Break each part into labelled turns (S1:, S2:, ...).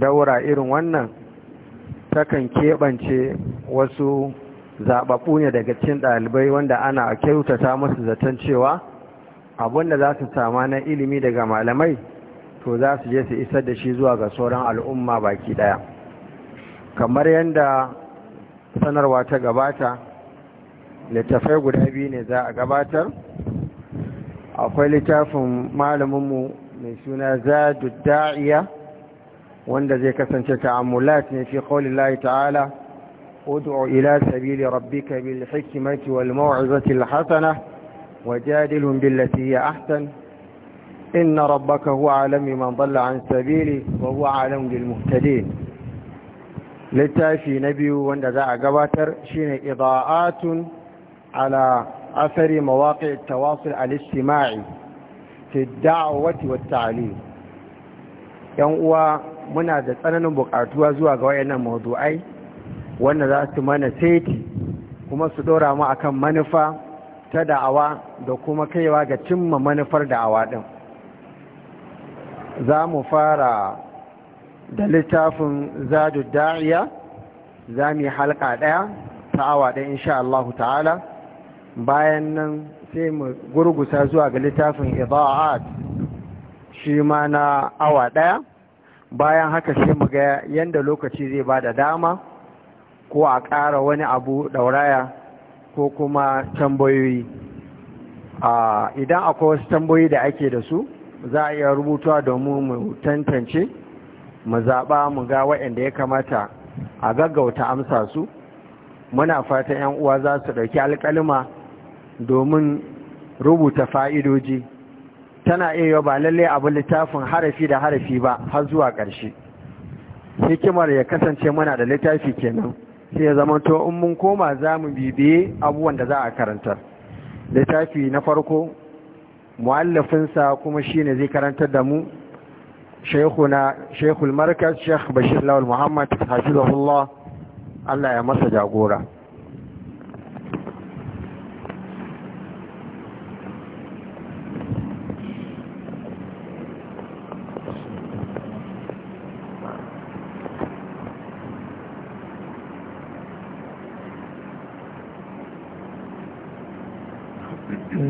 S1: daura irin wannan takan keɓance wasu zaɓaɓɓu ne daga cikin ɗalibai wanda ana kyautata musu zaton cewa abinda za su sama na ilimi daga malamai to za su je su isar da shi zuwa ga sauran al'umma baki ɗaya kamar yadda sanarwa ta gabata littafai guda biyu ne za a gabatar akwai littafin malaminmu mai suna zadu da'iya وانت زي كسنت تعملات في قول الله تعالى ادعو الى سبيل ربك بالحكمه والموعظه الحسنه وجادل بالتي هي احسن ان ربك هو اعلم بمن ضل عن سبيله وهو اعلم بالمهتدين لتاشي نبي وانت زع قواتر شين اضاءات على اثر مواقع التواصل الاجتماعي في الدعوه والتعليم يوم muna da tsananin bukatuwa zuwa ga wayannan mawdu'ai wanda za su mana seti kuma su dora mu akan manufa ta da'awa da kuma kaiwa ga cimma manufar da'awa din za mu fara da littafin zadu da'iya za mu yi halka ɗaya ta awa ɗaya insha Allah ta'ala bayan nan sai mu gurgusa zuwa ga littafin ida'at shi ma na awa ɗaya bayan haka sai mu ga yanda lokaci zai ba da dama ko a ƙara wani abu ɗauraya ko kuma tambayoyi idan akwai wasu tambayoyi da ake da su za a iya rubutuwa domin mu tantance mu zaɓa mu ga waɗanda ya kamata a gaggauta amsa su muna fatan 'yan uwa za su ɗauki alƙalima domin rubuta fa'idoji tana iya ba lalle abin littafin harafi da harafi ba har zuwa ƙarshe hikimar ya kasance mana da littafi kenan sai ya zama to in mun koma za mu bibiye abubuwan da za a karantar littafi na farko mu'allafinsa kuma shi ne zai karantar da mu shekuna shekul markaz bashir lawal muhammad hafizahullah Allah ya masa jagora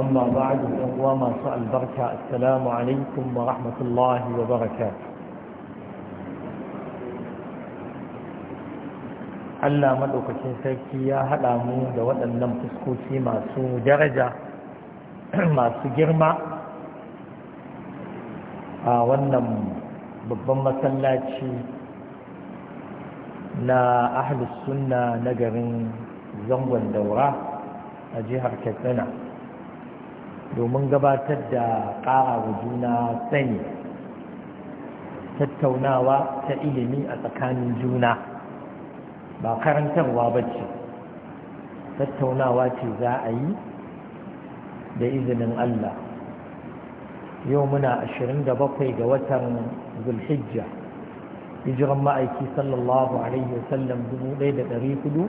S2: amma أما بعد وما سأل بركة السلام عليكم ورحمة wa baraka. Allah maɗaukacin sarki ya haɗa mu da waɗannan fuskoki masu daraja masu girma a wannan babban masallaci na ahli sunna na garin zangon daura a jihar katsina domin gabatar da ƙara juna sani tattaunawa ta ilimi a tsakanin juna ba karantarwa ba ce tattaunawa ce za a yi da izinin Allah yau muna 27 ga watan zulhijja hijiran ma'aiki sallallahu alaihi wasallam 1447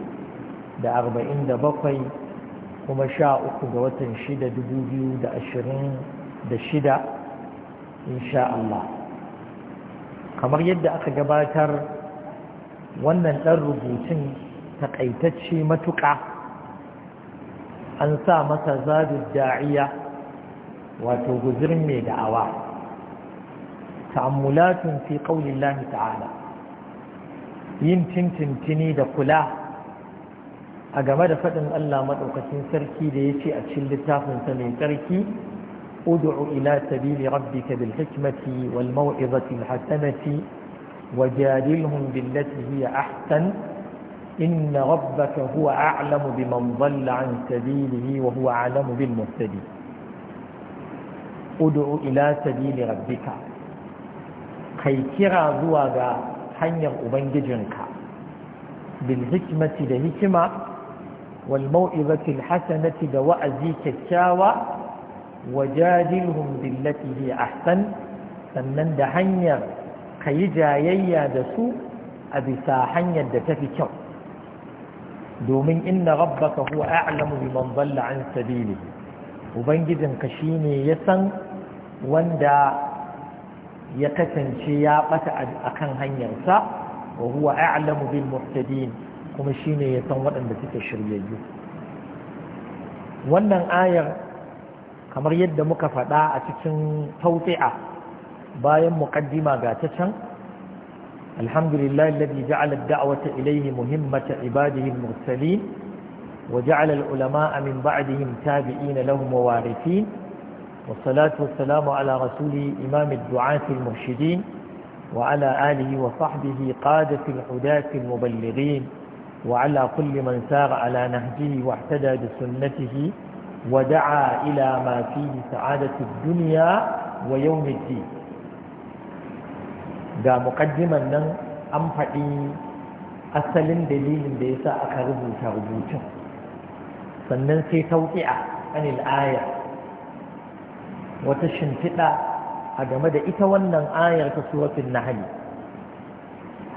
S2: kuma sha uku ga watan shida dubu biyu da ashirin da shida insha Allah kamar yadda aka gabatar wannan ɗan rubutun taƙaitacce matuƙa an sa masa zabin da'iya wato guzirin mai da'awa ta'ammulatun fi ƙaunin ta'ala yin tintintini da kula a game da faɗin Allah maɗaukacin sarki da ya ce a cikin littafinsa mai sarki ud'u ila sabili rabbika bil hikmati wal maw'izati al hasanati wajadilhum billati hiya ahsan inna rabbaka huwa a'lamu biman dhalla an sabilihi wa huwa a'lamu bil muhtadin ud'u ila sabili rabbika kai kira zuwa ga hanyar ubangijinka bil hikmati da hikima والموئظة الحسنة دوأزي كتشاوى وجادلهم بالتي هي أحسن sannan da hanyar ka yi jayayya da su a bisa hanyar da tafi kyau domin in na rabbaka huwa a'lamu biman dalla an sabili ubangijinka shine ya san wanda ya kasance ya bata akan hanyarsa wa huwa a'lamu bil muhtadin kuma shine ya san waɗanda suke shiryayyu wannan ayar kamar yadda muka faɗa a cikin tautsi'a bayan muƙaddima ga ta can alhamdulillah alladhi ja'ala ad-da'wata ilayhi muhimmata ibadihi mursalin wa ja'ala al-ulama'a min ba'dihim tabi'ina lahum wa warithin ala rasuli على رسول إمام الدعاة المرشدين وعلى آله وصحبه قادة الحداة المبلغين وعلى كل من سار على نهجه واحتدى بسنته ودعا إلى ما فيه سعادة الدنيا ويوم الدين ga muƙaddiman nan an faɗi asalin dalilin da ya sa aka rubuta rubutu. sannan sai tauƙi'a an al'ayar wata shimfiɗa a game da ita wannan ayar ta suratun nahali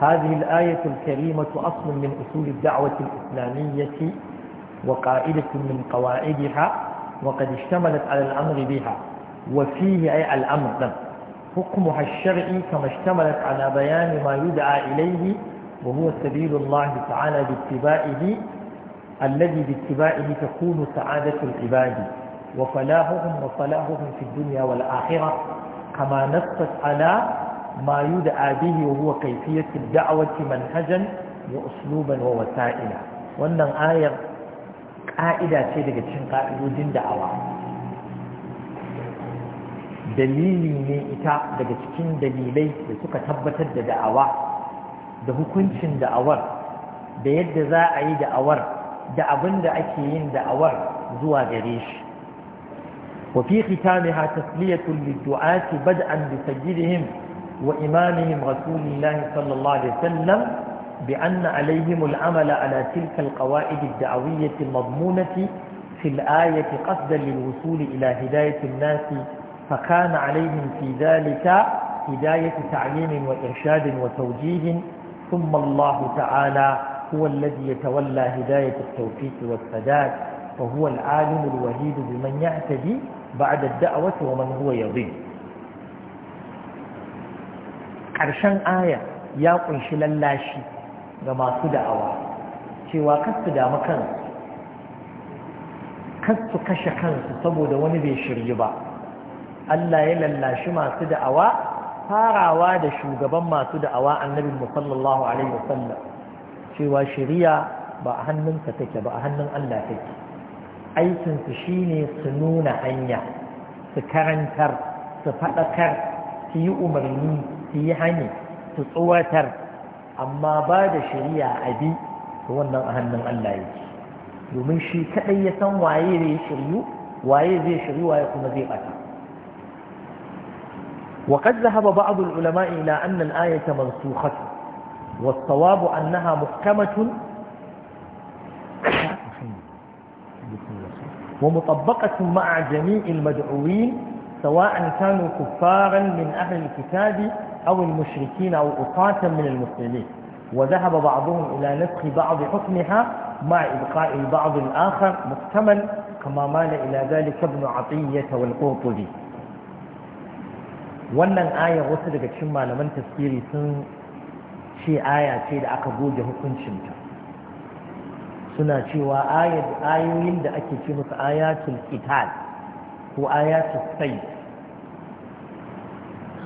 S2: هذه الآية الكريمة أصل من أصول الدعوة الإسلامية وقائدة من قواعدها وقد اشتملت على الأمر بها وفيه أي الأمر حكمها الشرعي كما اشتملت على بيان ما يدعى إليه وهو سبيل الله تعالى باتباعه الذي باتباعه تكون سعادة العباد وفلاحهم وصلاحهم في الدنيا والآخرة كما نصت على ما يدعى به وهو كيفية الدعوة منهجا وأسلوبا ووسائلا وأن آية قائدة سيدة جتشن قائدودين دعوة dalili ne ita daga cikin dalilai da suka tabbatar da da'awa da hukuncin da'awar da yadda za a yi da'awar da abin da ake yin da'awar zuwa gare shi wafi khitamiha tasliyatun liddu'ati bad'an bi sayyidihim وإمامهم رسول الله صلى الله عليه وسلم بأن عليهم العمل على تلك القواعد الدعوية المضمونة في الآية قصدا للوصول إلى هداية الناس فكان عليهم في ذلك هداية تعليم وإرشاد وتوجيه ثم الله تعالى هو الذي يتولى هداية التوفيق والسداد وهو العالم الوحيد بمن يعتدي بعد الدعوة ومن هو يضيق ƙarshen aya ya ƙunshi lallashi ga masu da'awa cewa kasu damu kansu kasu kashe kansu saboda wani bai shirye ba Allah ya lallashi masu da'awa farawa da shugaban masu da'awa annabi musallallahu alaihi wasallam cewa shiriya ba a hannunsa take ba a hannun Allah take aikinsu shine su nuna hanya su karantar su faɗakar su yi umarni su yi su tsuwatar amma ba da shari'a a bi to wannan a hannun Allah yake domin shi kadai ya san waye zai shiryu waye zai shiryu waye kuma zai bata وقد ذهب بعض العلماء إلى أن الآية منسوخة والصواب أنها محكمة ومطبقة مع جميع المدعوين سواء كانوا كفارا من أهل الكتاب أو المشركين أو أطاة من المسلمين وذهب بعضهم إلى نسخ بعض حكمها مع إبقاء البعض الآخر محتمل كما مال إلى ذلك ابن عطية والقرطبي wannan ayar wasu daga cikin malaman tafsiri sun ce aya ce da aka goge hukuncinta suna cewa ayoyin da ake ce musu ayatul qital ko ayatul sayf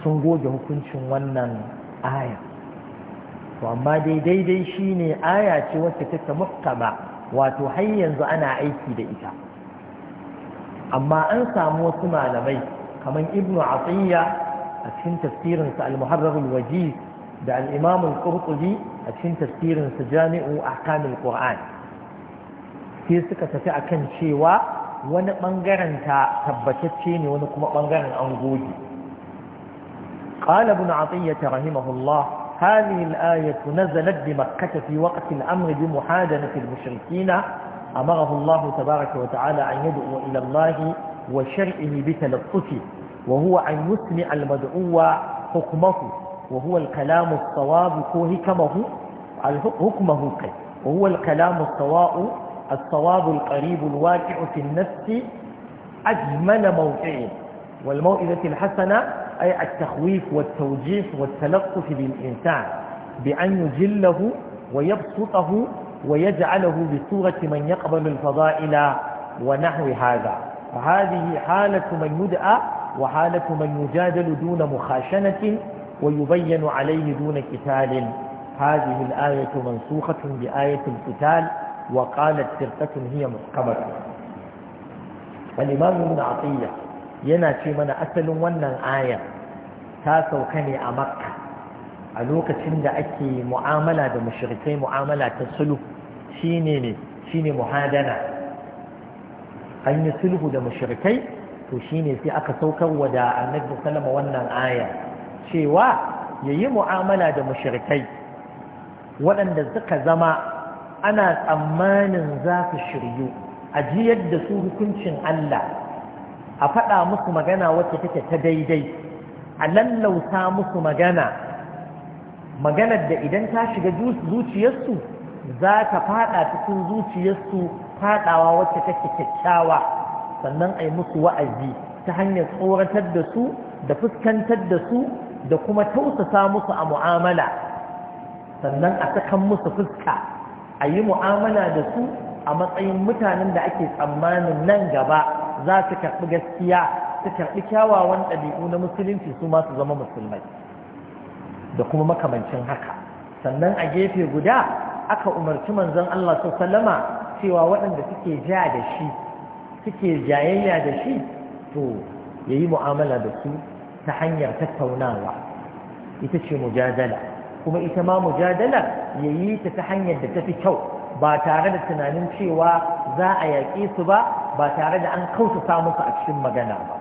S2: sun goge hukuncin wannan aya to amma dai daidai shine aya ce wacce take muhkama wato har yanzu ana aiki da ita amma an samu wasu malamai kamar ibnu atiyya a cikin tafsirinsa al al da al-imam al-qurtubi a cikin tafsirinsa jami'u ahkam al-qur'an sai suka tafi akan cewa wani bangaren ta tabbatacce ne wani kuma bangaren an goge قال ابن عطية رحمه الله هذه الآية نزلت بمكة في وقت الأمر بمحادنة المشركين أمره الله تبارك وتعالى أن يدعو إلى الله وشرعه بتلطفه وهو أن يسمع المدعو حكمه وهو الكلام الصواب حكمه حكمه وهو الكلام الصواب الصواب القريب الواقع في النفس أجمل موقعه والموئذة الحسنة أي التخويف والتوجيه والتلطف بالإنسان بأن يجله ويبسطه ويجعله بصورة من يقبل الفضائل ونحو هذا فهذه حالة من يدعى وحالة من يجادل دون مخاشنة ويبين عليه دون كتال هذه الآية منسوخة بآية الكتال وقالت سرقة هي محكمة الإمام ابن عطية yana ce mana asalin wannan ayar ta sauka ne a makka a lokacin da ake mu'amala da mashirikai mu'amala ta sulhu shine ne shine muhadana an yi sulhu da mashirikai to shine sai aka saukar wa da annabi sallama wannan aya cewa yayi mu'amala da mushirikai, waɗanda suka zama ana tsammanin za su shiryu ajiyar da su hukuncin Allah a faɗa musu magana wacce take ta daidai a lallauta musu magana maganar da idan ta shiga zuciyarsu za ta faɗa cikin zuciyarsu faɗawa wacce take kyakkyawa sannan a yi musu wa'azi ta hanyar tsoratar da su da fuskantar da su da kuma tausasa musu a mu'amala sannan a sakan musu fuska a yi mu'amala da su a matsayin mutanen da ake tsammanin nan gaba za su karɓi gaskiya su karɓi kyawawan ɗabi'u na musulunci su ma su zama musulmai da kuma makamancin haka sannan a gefe guda aka umarci manzon Allah sallama cewa waɗanda suke ja da shi suke jayayya da shi to yayi mu'amala da su ta hanyar tattaunawa ita ce mujadala kuma ita ma mujadala yayi ta ta hanyar da ta fi kyau ba tare da tunanin cewa za a yaƙe su ba ba tare da an kautata musu a cikin magana ba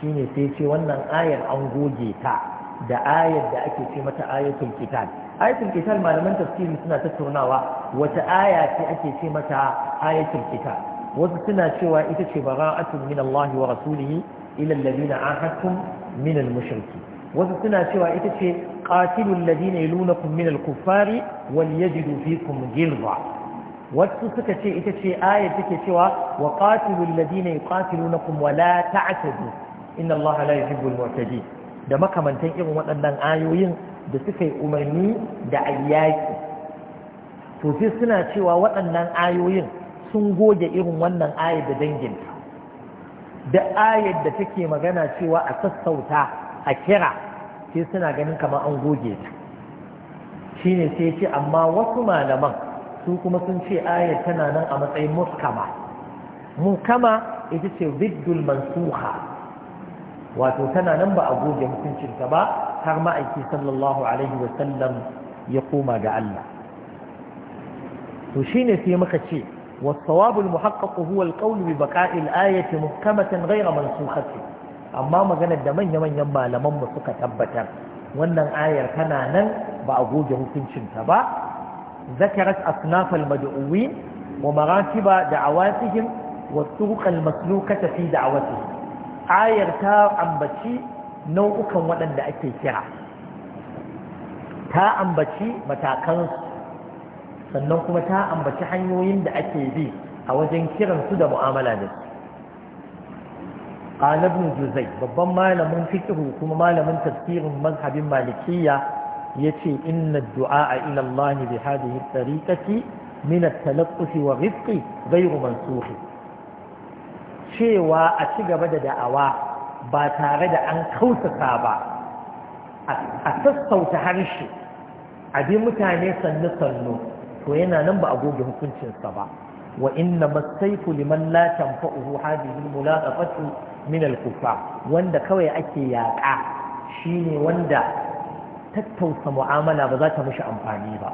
S2: shine sai ce wannan ayar an goge ta da ayar da ake ce mata ayatul kitab ayatul kitab malaman tafsiri suna tattaunawa wata aya ce ake ce mata ayatul kitab wasu suna cewa ita ce bara'atun min Allah wa rasulih ila alladhina ahadtum min al-mushriki wasu suna cewa ita ce qatilul ladina yalunakum min al-kuffari wal yajidu fikum ghilza wasu suka ce ita ce ayar take cewa wa qatilul ladina yuqatilunakum wa la ta'tadu inna allaha la yuhibbul mu'tadin da makamantan irin waɗannan ayoyin da suka yi umarni da ayyaki to sai suna cewa waɗannan ayoyin sun goge irin wannan ayar da danginta da ayar da take magana cewa a sassauta a kira sai suna ganin kamar an goge ta shine sai ce amma wasu malaman su kuma sun ce ayar tana nan a matsayin muhkama, mukama ita ce biddul mansuha wato tana nan ba a goge hukuncinta ba har ma'aiki sallallahu alaihi wasallam ya koma ga Allah to shine sai muka ce والصواب المحقق هو القول ببقاء الآية محكمة غير منسوخة amma maganar da manya-manyan malamanmu suka tabbatar wannan ayar tana nan ba a goge hukuncin ta ba ذكرت أصناف المدعوين ومراتب دعواتهم والطرق المسلوكة في دعوتهم آية تا أنبتشي نوعكا ولن أكي كرا تا أنبتشي متاكنس سننكم تا أنبتشي حنيوين دا أكي بي أوجن كرا سدى مؤاملة لك قال ابن جزي ببما لمن فكره كما لمن تفكير مذهب مالكية yace inna du'a ila Allah bi hadhihi tsarikaci min at-talaqqi wa rifqi ghayru mansukh cewa a ci gaba da da'awa ba tare da an kautata ba a sassauta harshe abin mutane sannu sannu to yana nan ba a goge hukuncinsa ba wa inna masaifu liman la tanfa'uhu hadhihi mulaqafatu min al wanda kawai ake yaƙa shine wanda tattausa mu'amala ba za ta mishi amfani ba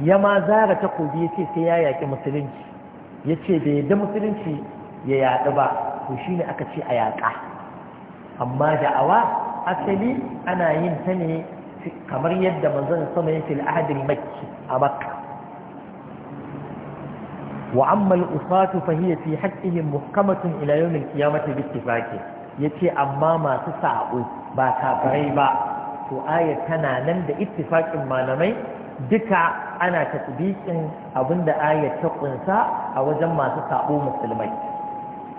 S2: ya ma zara takobi ya ce sai ya yaƙi musulunci ya ce bai yadda musulunci ya yaɗu ba to shi ne aka ce a yaƙa amma da'awa asali ana yin ta ne kamar yadda manzon sama ya ce al'adin makki a makka wa amma al'usatu fa hiya fi haqqihim muhkamatun ila yawm qiyamati bi ittifaqi yace amma masu sa'o ba kafirai ba to tana nan da ittifaqin malamai duka ana tasbiqin abinda ayat ta kunsa a wajen masu sabo musulmai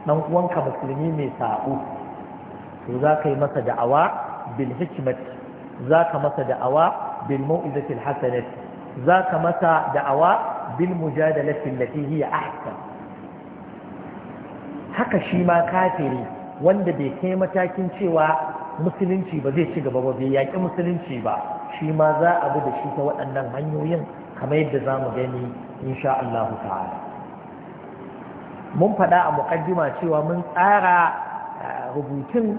S2: dan uwanka musulmi mai sabo to za ka yi masa da'awa bil hikmat za ka masa da'awa bil mau'izatil hasanat za ka masa da'awa bil mujadalati allati hiya ahsan haka shi ma kafiri wanda bai kai matakin cewa musulunci ba zai ci gaba ba bai yaƙi musulunci ba shi ma za a bi da shi ta waɗannan hanyoyin kamar yadda za mu gani insha Allah ta'ala mun faɗa a muƙaddima cewa mun tsara eh, rubutun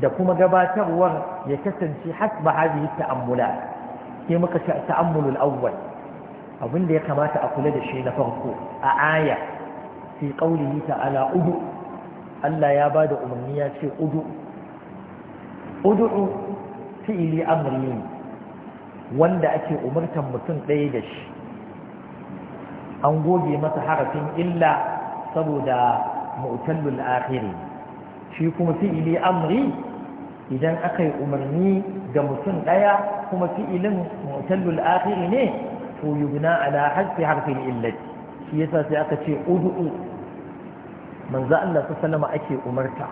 S2: da kuma gabatarwar ya kasance hasba hadhihi ta'ammula sai muka ce ta'ammulul awwal abin da ya kamata a kula da shi na farko a aya fi qaulihi ta'ala udu Allah ya bada umarni ya ce udu Udu'u fi'ili amri wanda ake umartan mutum ɗaya da shi an goge masa harafin illa saboda mu'tallul akhiri shi kuma fi'ili amri idan aka yi umarni ga mutum ɗaya kuma fi'ilin mu'tallul akhiri ne to yubna ala hasbi harfin illati shi yasa sai aka ce udu'u. manzo Allah sallallahu alaihi ake umarta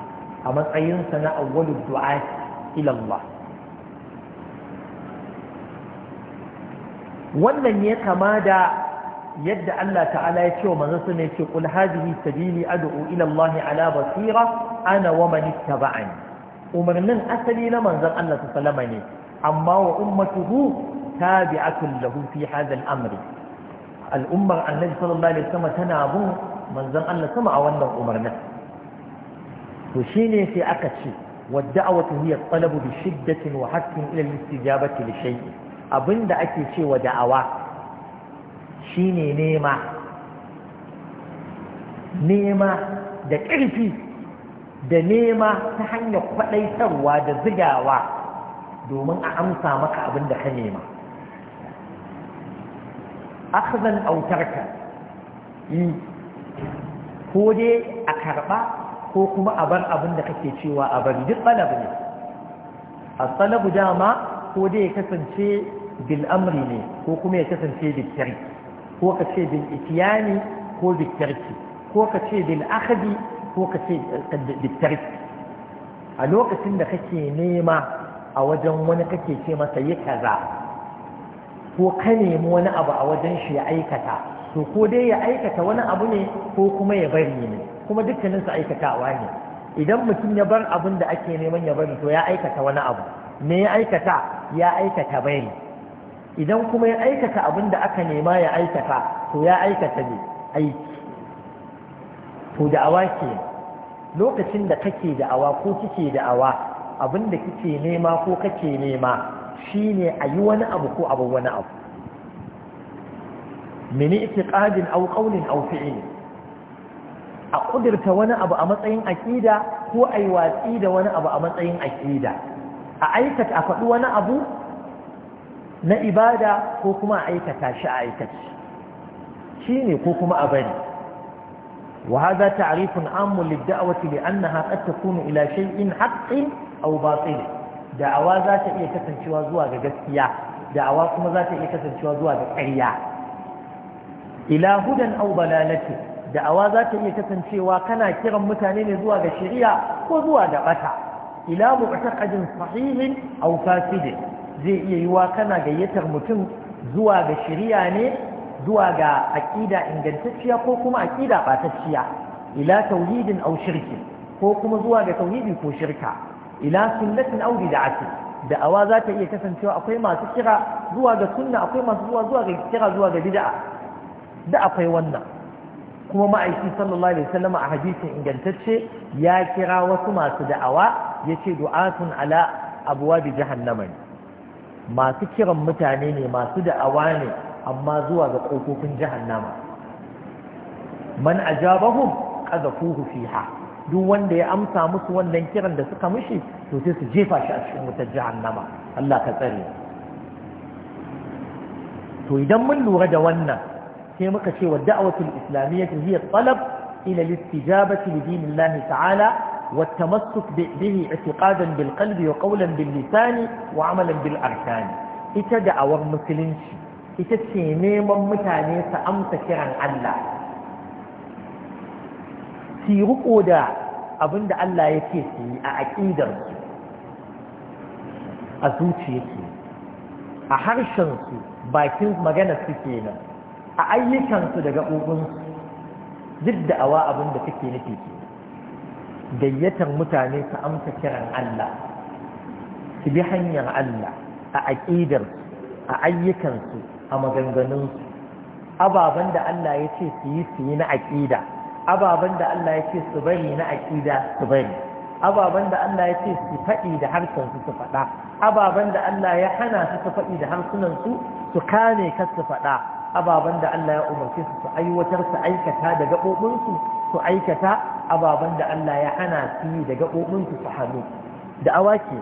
S2: a matsayinsa na awwalud du'ati ila Allah wannan ya kama da yadda Allah ta'ala ya ce wa manzon ne ce kul hadhihi sabili ad'u ila Allah ala basira ana wa man ittaba'ani umarnin asali na manzon Allah ta sallama ne amma wa ummatuhu tabi'atun lahu fi hadha al-amri al'ummar annabi sallallahu alaihi wasallam tana bin manzon Allah sama a wannan umarnin to shine sai aka ce والدعوة هي الطلب بشدة وحث إلى الاستجابة لشيء أبن دعكي شيء ودعوة شيني نيمة نيمة da ƙarfi da nema ta hanyar kwaɗaitarwa da zigawa domin a amsa maka abin da ka nema akhzan autarka yi ko dai a karɓa ko kuma a bar abin da kake cewa a bari duk talab ne a talabu dama ko dai ya kasance bil ne ko kuma ya kasance bil tarki ko ka ce bil itiyani ko bil ko ka ce bil ko ka ce bil a lokacin da kake nema a wajen wani kake ce masa yi kaza ko ka nemi wani abu a wajen shi ya aikata to ko dai ya aikata wani abu ne ko kuma ya bari ne kuma dukkaninsu aikatawa ne idan mutum ya bar abin da ake neman ya bari to ya aikata wani abu me ya aikata ya aikata bai idan kuma ya aikata abin da aka nema ya aikata to ya aikata ne aiki to da'awa ke lokacin da kake da'awa ko kike da'awa abin da kike nema ko kake nema shine a yi wani abu ko abin wani abu mini itiqadin aw qawlin aw fi'lin a ƙudurta wani abu a matsayin aƙida ko a yi watsi da wani abu a matsayin aƙida a aikata a faɗi wani abu na ibada ko kuma a aikata shi a aikata shi ne ko kuma a bari wa haza ta'rifun ammu lid-da'wati bi annaha qad takunu ila shay'in haqqin aw batil da'awa za ta iya kasancewa zuwa ga gaskiya da'awa kuma za ta iya kasancewa zuwa ga ƙarya ila hudan aw balalati da'awa za ta iya kasancewa kana kiran mutane ne zuwa ga shari'a ko zuwa ga bata ila mu'taqadin sahihin aw fasidin zai iya yiwa kana gayyatar mutum zuwa ga shari'a ne zuwa ga aqida ingantacciya ko kuma aqida batacciya ila tauhidin aw shirki ko kuma zuwa ga tauhidi ko shirka ila sunnatin aw Da da'awa za ta iya kasancewa akwai masu kira zuwa ga sunna akwai masu zuwa zuwa ga kira zuwa ga bid'a da akwai wannan kuma ma'aiki sallallahu alaihi wasallam a hadisin ingantacce ya kira wasu masu da'awa yace du'atun ala abwabi jahannama masu kiran mutane ne masu da'awa ne amma zuwa ga kofofin jahannama man ajabahum qadhafuhu fiha duk wanda ya amsa musu wannan kiran da suka mishi to sai su jefa shi a cikin wutar jahannama Allah ka tsare to idan mun lura da wannan sai muka ce wa da'awatul islamiyyah hiya talab ila al-istijabati li dinillahi ta'ala والتمسك به bil بالقلب وقولا باللسان bil بالأركان ita da'awar musulunci ita ce neman mutane su amsa kiran Allah su riko da abin da Allah ya ce su yi a aƙidarsu a zuciyarsu a harshensu bakin magana su kenan a ayyukansu da gaɓoɓinsu duk da awa abin da suke nufi ke gayyatar mutane su amsa kiran Allah su bi hanyar Allah a aƙidar a ayyukansu a maganganunsu ababen da Allah ya ce su yi su yi na aƙida ababen da Allah ya ce su bari na aƙida su bari ababen da Allah ya ce su faɗi da harsunsu su faɗa ababen da Allah ya hana su su faɗi da harsunansu su kame kar su faɗa ababen da Allah ya umarci su su aiwatar su aikata da gaɓoɓinsu su aikata ababen da Allah ya hana su yi da gaɓoɓinsu su hannu da'awa ke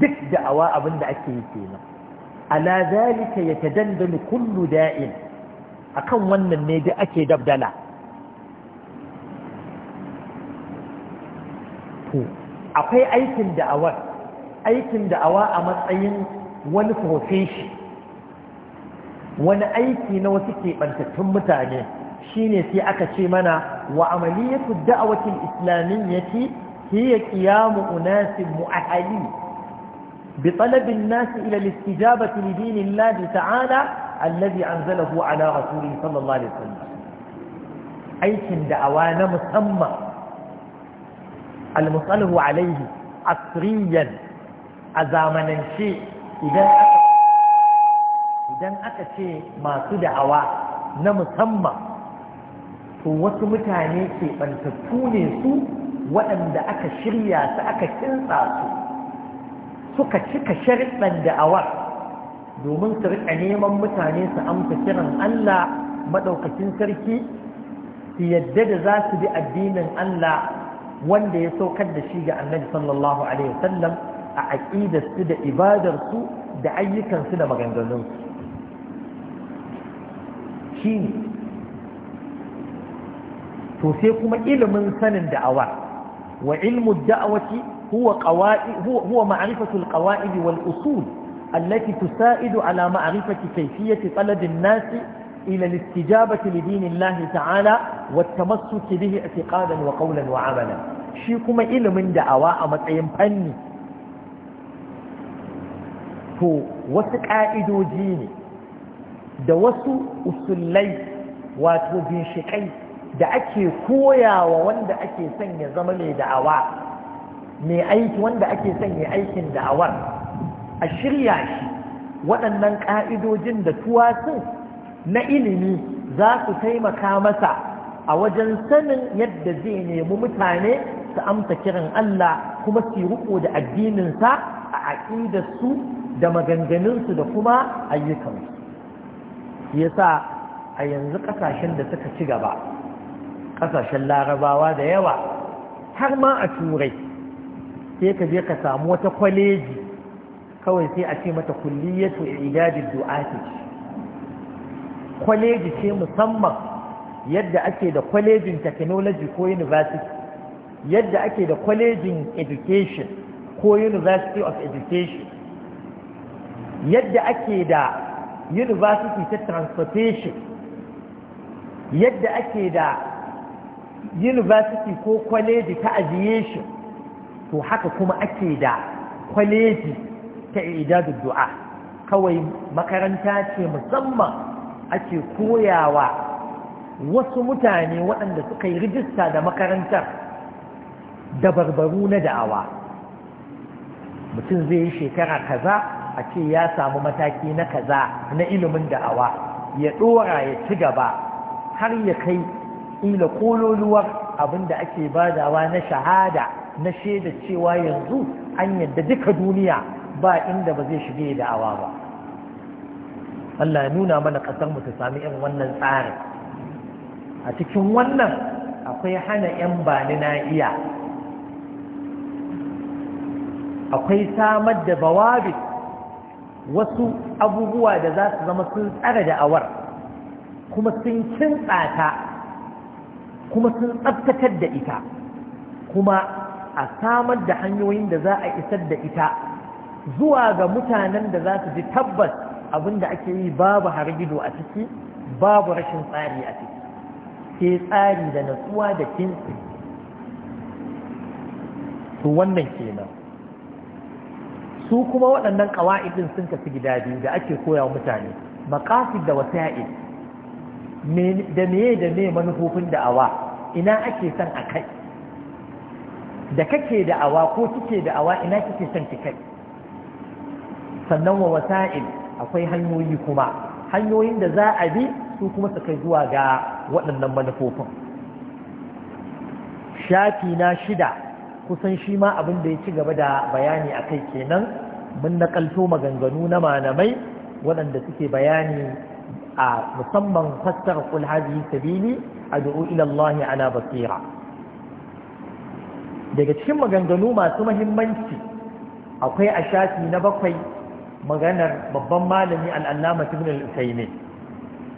S2: duk da'awa abin da ake yi kenan ala zalika ya ta tadaldalu kullu da'in a kan wannan ne da ake dabdala to akwai aikin da'awar aikin da'awa a matsayin wani profession wani aiki na wasu keɓantattun mutane shine sai aka ce mana wa amaliyatu da'awatil islamiyyati hiya qiyamu unasin mu'ahali bi talabin nasi ila al-istijabati li dinillahi ta'ala alladhi anzalahu ala rasulihi sallallahu alaihi wasallam aikin da'awa na musamman al-musallahu alaihi asriyan a zamanance idan aka idan aka ce masu da'awa na musamman to wasu mutane ke bantattu ne su waɗanda aka shirya su aka kinsa su suka cika sharɗan da'awa domin su riƙa neman mutane su amsa kiran Allah maɗaukacin sarki su yadda da za su bi addinin Allah wanda ya saukar da shi ga annabi sallallahu alaihi wasallam a aƙidarsu da ibadarsu da ayyukansu da maganganunsu shi ne to sai kuma ilimin sanin da'awa wa ilmu da'awati huwa qawaid huwa ma'rifatu al-qawaid wal usul التي تساعد على معرفة كيفية طلب الناس إلى الاستجابة لدين الله تعالى والتمسك به اعتقادا وقولا وعملا شيكما إلى من دعواء متعين فني هو وسك عائد جيني da wasu usulai wato binshikai da ake koyawa wanda ake son ya zama mai da'awa mai aiki wanda ake son ya aikin da'awar a shirya shi waɗannan ƙa'idojin da sun, na ilimi za su taimaka masa a wajen sanin yadda zai nemi mutane su amsa kiran Allah kuma su riƙo da addininsa a aƙidarsu da maganganunsu da kuma ayyukansu yasa a yanzu kasashen da suka ci gaba kasashen larabawa da yawa har ma a turai sai ka je ka samu wata kwaleji kawai sai a ce mata kulliyatu idadid du'ati kwaleji ce musamman yadda ake da kwalejin technology ko university yadda ake da kwalejin education ko university of education yadda ake da university ta transportation yadda ake da university ko kwaleji ta aviation to haka kuma ake da kwaleji ta idadin du'a kawai makaranta ce musamman ake koyawa wasu mutane waɗanda suka yi rijista da makarantar da barbaru na da'awa mutum zai yi shekara kaza a ce ya samu mataki na kaza na ilimin da'awa ya ɗora ya ci gaba har ya kai ila kololuwar abin da ake badawa na shahada na shaida cewa yanzu an yadda duka duniya ba inda ba zai shige da'awa ba Allah ya nuna mana ƙasar mu ta sami irin wannan tsari. a cikin wannan akwai hana 'yan bani na iya akwai samar da bawabi wasu abubuwa da za su zama sun tsara da'awar kuma sun kintsa ta kuma sun tsaftatar da ita kuma a samar da hanyoyin da za a isar da ita zuwa ga mutanen da za su ji tabbas abin da ake yi babu hargido a ciki babu rashin tsari a ciki sai tsari da natsuwa da kintsi to wannan kenan su kuma waɗannan ƙawa'idin sun tafi gida biyu da ake koya wa mutane makasid da wasa'i da meye da meye manufofin da'awa ina ake son a kai da kake da'awa ko kike da'awa ina kike son ki kai sannan wa wasa'i akwai hanyoyi kuma hanyoyin da za a bi su kuma su kai zuwa ga waɗannan manufofin shafi na shida kusan shi ma abin da ya ci gaba da bayani a kai kenan mun nakalto maganganu na malamai waɗanda suke bayani a musamman fassara kul hadhihi sabili ad'u ala basira daga cikin maganganu masu muhimmanci akwai a shafi na bakwai maganar babban malami al'allama ibn al-usaymi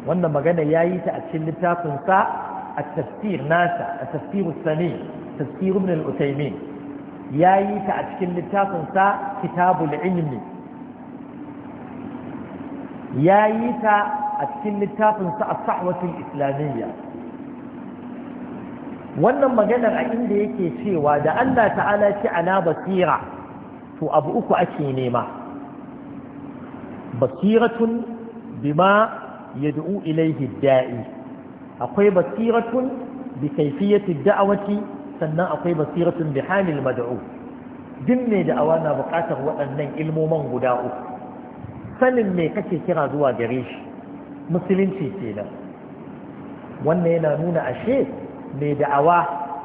S2: wannan magana yayi ta a cikin littafinsa sa at-tafsir nasa tafsir tafsir ibn al-utaymin yayi ta a cikin littafin sa kitabul ilmi yayi ta a cikin islamiyya wannan maganar a inda yake cewa da Allah ta'ala ce ana basira to abu uku ake nema basiratun bima yad'u ilayhi da'i akwai basiratun bi kayfiyati da'awati sannan akwai basiratun bihamil mad'u din mai da'awa na buƙatar waɗannan ilmoman guda uku sanin me kake kira zuwa gare shi musulunci kenan wannan yana nuna ashe mai da'awa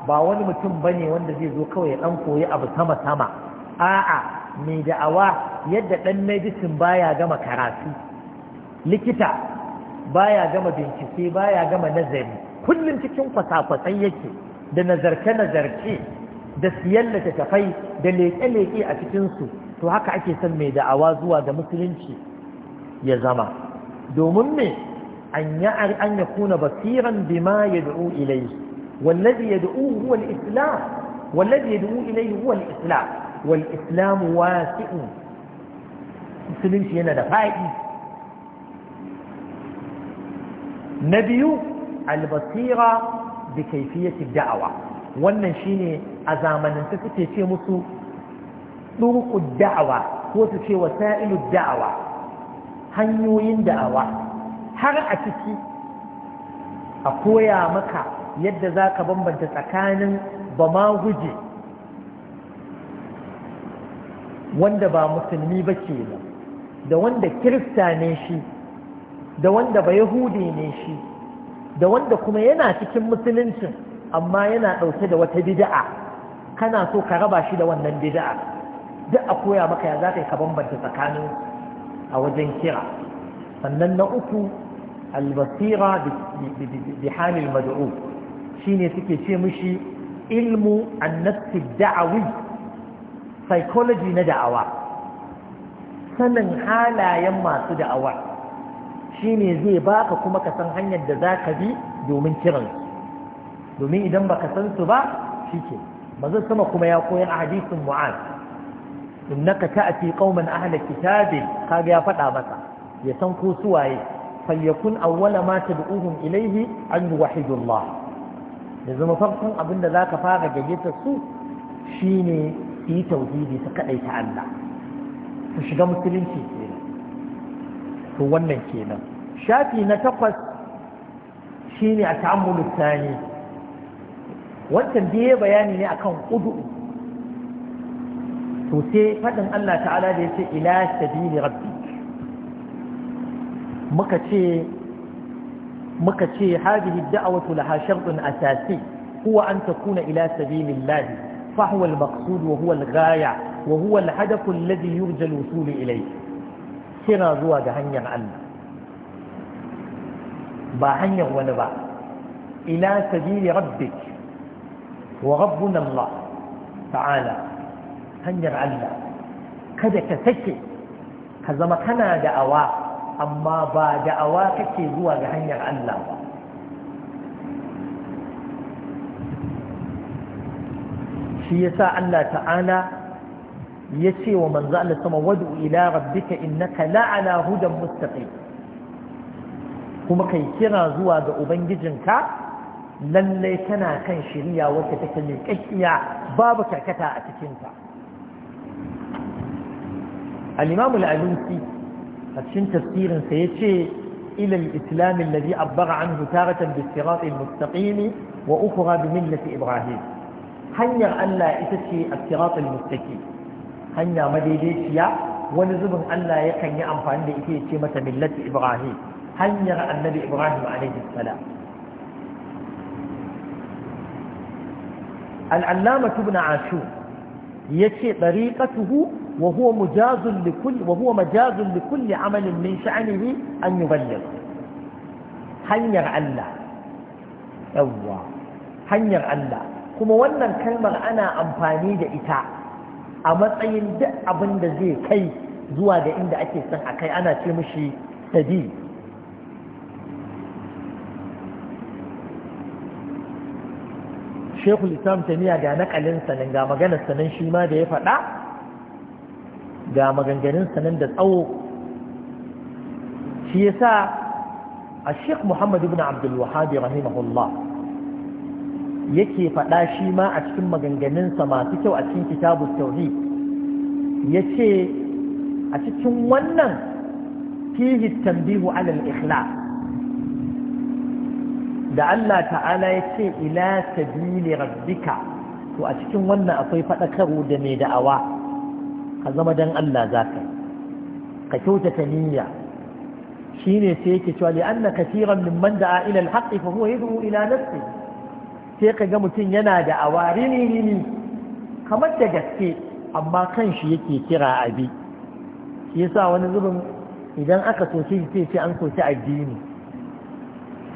S2: ba wani mutum bane wanda zai zo kawai ya dan koyi abu sama sama a'a mai da'awa yadda dan medicine baya gama karatu likita baya gama bincike baya gama nazari kullum cikin kwasa-kwasai yake da nazarke-nazarke, da siyan littattafai da leƙe-leƙe a cikinsu to haka ake son mai da'awa zuwa da musulunci ya zama domin me an ya'ar an ya kuna basiran bima ya da'u ilai wallazi ya da'u huwa al-islam wallazi ya da'u ilai huwa al-islam wal islam wasi'un musulunci yana da faɗi na biyu al-basira bi kaifiyati da'awa wannan shine a zamanin ta suke ce musu duruqu da'awa ko su ce sa'ilu da'awa hanyoyin da'awa har a ciki a koya maka yadda za ka bambanta tsakanin bama guje wanda ba musulmi ba ke da wanda kirista ne shi da wanda ba yahudi ne shi da wanda kuma yana cikin musuluncin amma yana ɗauke da wata bid'a kana so ka raba shi da wannan bid'a duk a koya maka ya za ka yi ka bambanta tsakanin a wajen kira sannan na uku albasira bi hamil mad'u shine suke ce mishi ilmu annafsi da'awi psychology na da'awa sanin halayen masu da'awa shi ne zai baka kuma ka san hanyar da za ka bi domin kiransu domin idan baka san su ba shi ke sama kuma ya koyar a hadisin mu'az ka ta'ti qauman ahla kitabi kaga ya faɗa masa ya san ko suwaye fayyakun awwala ma uhun ilaihi an wahidullah da zama farkon abin da zaka fara gayyata su shine yi tauhidi ta Allah su shiga musulunci kenan to wannan kenan shafi na takwas shi ne a ta'ammulu tsani wancan biye bayani ne akan kudu to sai faɗin Allah ta'ala da ya ce ila sabili rabbi muka ce muka ce hadihi da'awatu laha shartun asasi huwa an takuna ila sabilillah fa huwa al-maqsud wa huwa al-ghaya wa huwa al-hadaf alladhi yurja al-wusul ilayhi kira zuwa ga hanyar Allah ba hanyar wani ba ila sabili rabbik wa rabbuna Allah ta'ala hanyar Allah kada ka sake ka zama kana da'awa amma ba da'awa kake zuwa ga hanyar Allah ba shi yasa Allah ta'ala ya ce wa manzo Allah sama wadu ila rabbika innaka la'ala hudan mustaqim kuma kai kira zuwa ga ubangijinka lallai kana kan shirya wacce take mai kakkiya babu karkata a cikinta al-imamu alusi a cikin tafsirinsa ya ce ilal islamin lalli abbara an hutaratan bisirat al-mustaqimi wa uku rabi millati ibrahim hanyar allah ita ce a al-mustaqim hanya madaidaiciya wani zubin allah yakan yi amfani da ita ya ce mata millati ibrahim hanyar annabi ibrahim alaihi salam al'allama tubna ashu yace dariqatuhu wa huwa wa majazun li amalin min sha'nihi an yuballigh hanyar Allah yawwa hanyar Allah kuma wannan kalmar ana amfani da ita a matsayin duk abin da zai kai zuwa da inda ake son a kai ana ce mishi sadi shekul islam taimiyya ga nakalin sanin ga maganar sanin shi ma da ya faɗa ga maganganun sanin da tsawo shi ya sa a sheikh muhammad ibn abdulwahabi rahimahullah yake faɗa shi ma a cikin maganganunsa masu kyau a cikin kitabu tauri ya ce a cikin wannan fihi tambihu alal ikhlas da Allah ta'ala ya ce ila sabili rabbika to a cikin wannan akwai faɗakar da mai da'awa ka zama dan Allah za ka ka kyautata niyya ne sai yake cewa li'anna kaseeran mimman da'a ila al fa huwa yad'u ila nafsi sai ka ga mutum yana da awarini rini kamar da gaske amma kan shi yake kira abi shi yasa wani zubin idan aka soke shi sai an soke addini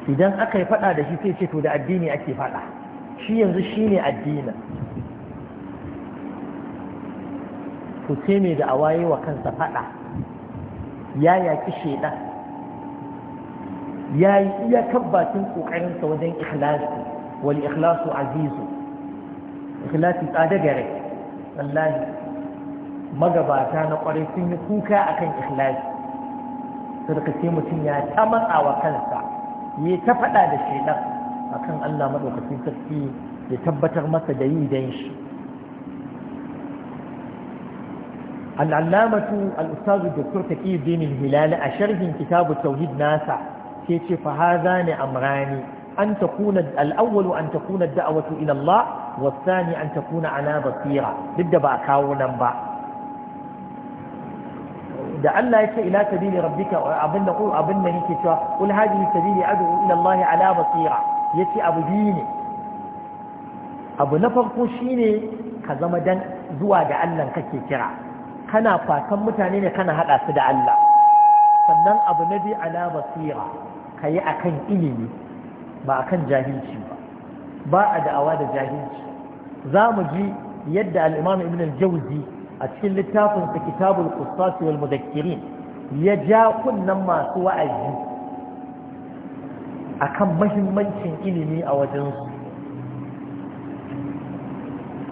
S2: idan aka yi faɗa da shi sai ce to da addini ake faɗa shi yanzu shi ne addinin to sai mai da awaye wa kansa faɗa ya yaƙi shaidan ya yi iyakar bakin ƙoƙarinsa wajen ikhlasi wal ikhlasu azizu ikhlasi tsada gare wallahi magabata na ƙwarai sun yi kuka akan ikhlasi sadaka mutum ya tamatsa wa kansa yi ta faɗa da shaidan akan Allah maɗaukacin sarki ya tabbatar masa da yi dan shi al'allamatu al'ustazu doktor taƙi dinin hilali a sharhin kitabu tauhid nasa ke ce fa haza ne amrani an takuna al'awwalu an takuna da'awatu ila Allah wasani an takuna ala basira duk da ba a kawo nan ba da Allah ya ce ila sabili rabbika abin da abin da yake cewa kul hadhihi sabili ad'u ila Allah ala basira yace abu biyu ne abu na farko shine ka zama dan zuwa ga Allah kake kira kana fatan mutane ne kana hada su da Allah sannan abu na biyu ala basira kayi akan ilimi ba akan jahilci ba ba a da'awa da jahilci za mu ji yadda al-imam ibn al-jawzi a cikin littafinsa kitabul qissas wal ya ja kunnan masu wa'azi akan mahimmancin ilimi a wajensu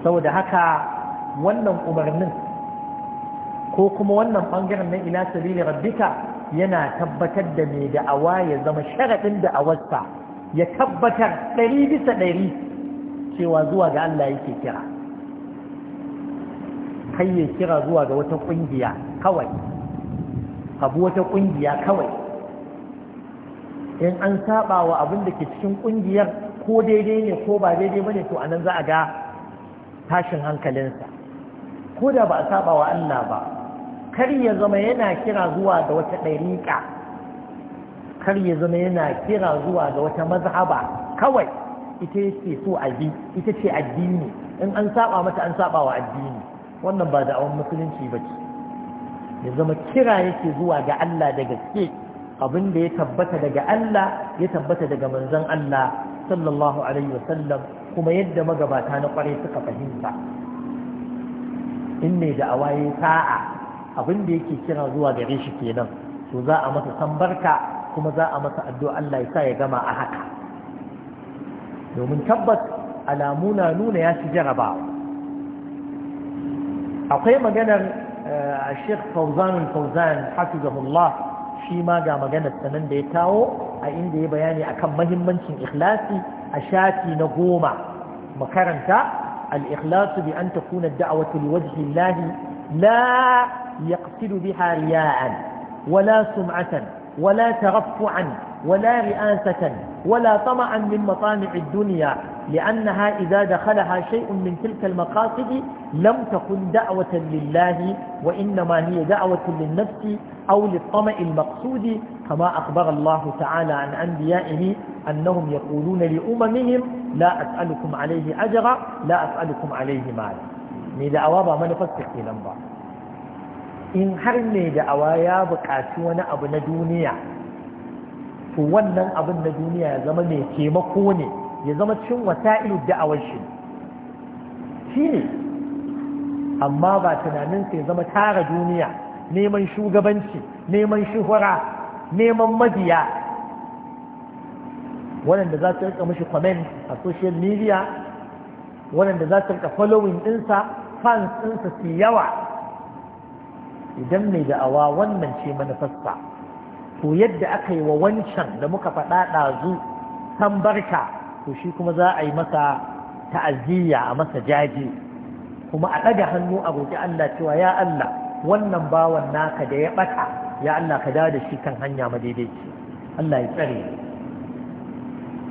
S2: saboda haka wannan umarnin ko kuma wannan bangaren na ila sabili rabbika yana tabbatar da mai da'awa ya zama sharaɗin da'awarsa ya tabbatar ɗari bisa ɗari cewa zuwa ga Allah yake kira kai ya kira zuwa ga wata ƙungiya kawai abu wata ƙungiya kawai in an saba wa abin da ke cikin ƙungiyar ko daidai ne ko ba daidai ba ne to anan za a ga tashin hankalinsa ko da ba a saba wa Allah ba kar ya zama yana kira zuwa ga wata ɗariƙa kar ya zama yana kira zuwa ga wata mazhaba kawai ita yake so a ita ce addini in an saba mata an saba wa addini wannan ba da'awar musulunci ba ce ya zama kira yake zuwa ga Allah da gaske abin da ya tabbata daga Allah ya tabbata daga manzon Allah sallallahu alaihi wasallam kuma yadda magabata na kwarai suka fahimta in ne da awaye sa'a abin da yake kira zuwa gare shi kenan to za a masa sambarka kuma za a masa addu'a Allah ya sa ya gama a haka domin tabbas alamu na nuna ya ci jarabawa akwai maganar eh, Sheikh Fauzan Fauzan hafizahullah shi ma ga maganar sanan da ya kawo a inda ya bayani akan mahimmancin ikhlasi a shafi na goma makaranta الإخلاص بأن تكون الدعوة لوجه الله la يقصد biha رياء wala sum'atan wala ترفعا ولا رئاسة ولا طمعا من مطامع الدنيا لأنها إذا دخلها شيء من تلك المقاصد لم تكن دعوة لله وإنما هي دعوة للنفس أو للطمع المقصود كما أخبر الله تعالى عن أنبيائه أنهم يقولون لأممهم لا أسألكم عليه أجرا لا أسألكم عليه مالا mai da'awa ba manufarsa kenan ba in har mai da'awa ya buƙaci wani abu na duniya to wannan abin na duniya ya zama mai taimako ne ya zama cin ilu da'awar shi shi ne amma ba tunanin ya zama tara duniya neman shugabanci neman shuhura neman mabiya waɗanda za su rika mashi comment a social media waɗanda za su rika following ɗinsa fans ɗinsa su yawa idan mai da'awa wannan ce manufarsa to yadda aka yi wa wancan da muka faɗa ɗazu san barka to shi kuma za a yi masa ta'aziyya a masa jaji kuma a ɗaga hannu a roƙi Allah cewa ya Allah wannan bawan naka da ya ɓata ya Allah ka dawo da shi kan hanya madaidaici Allah ya tsare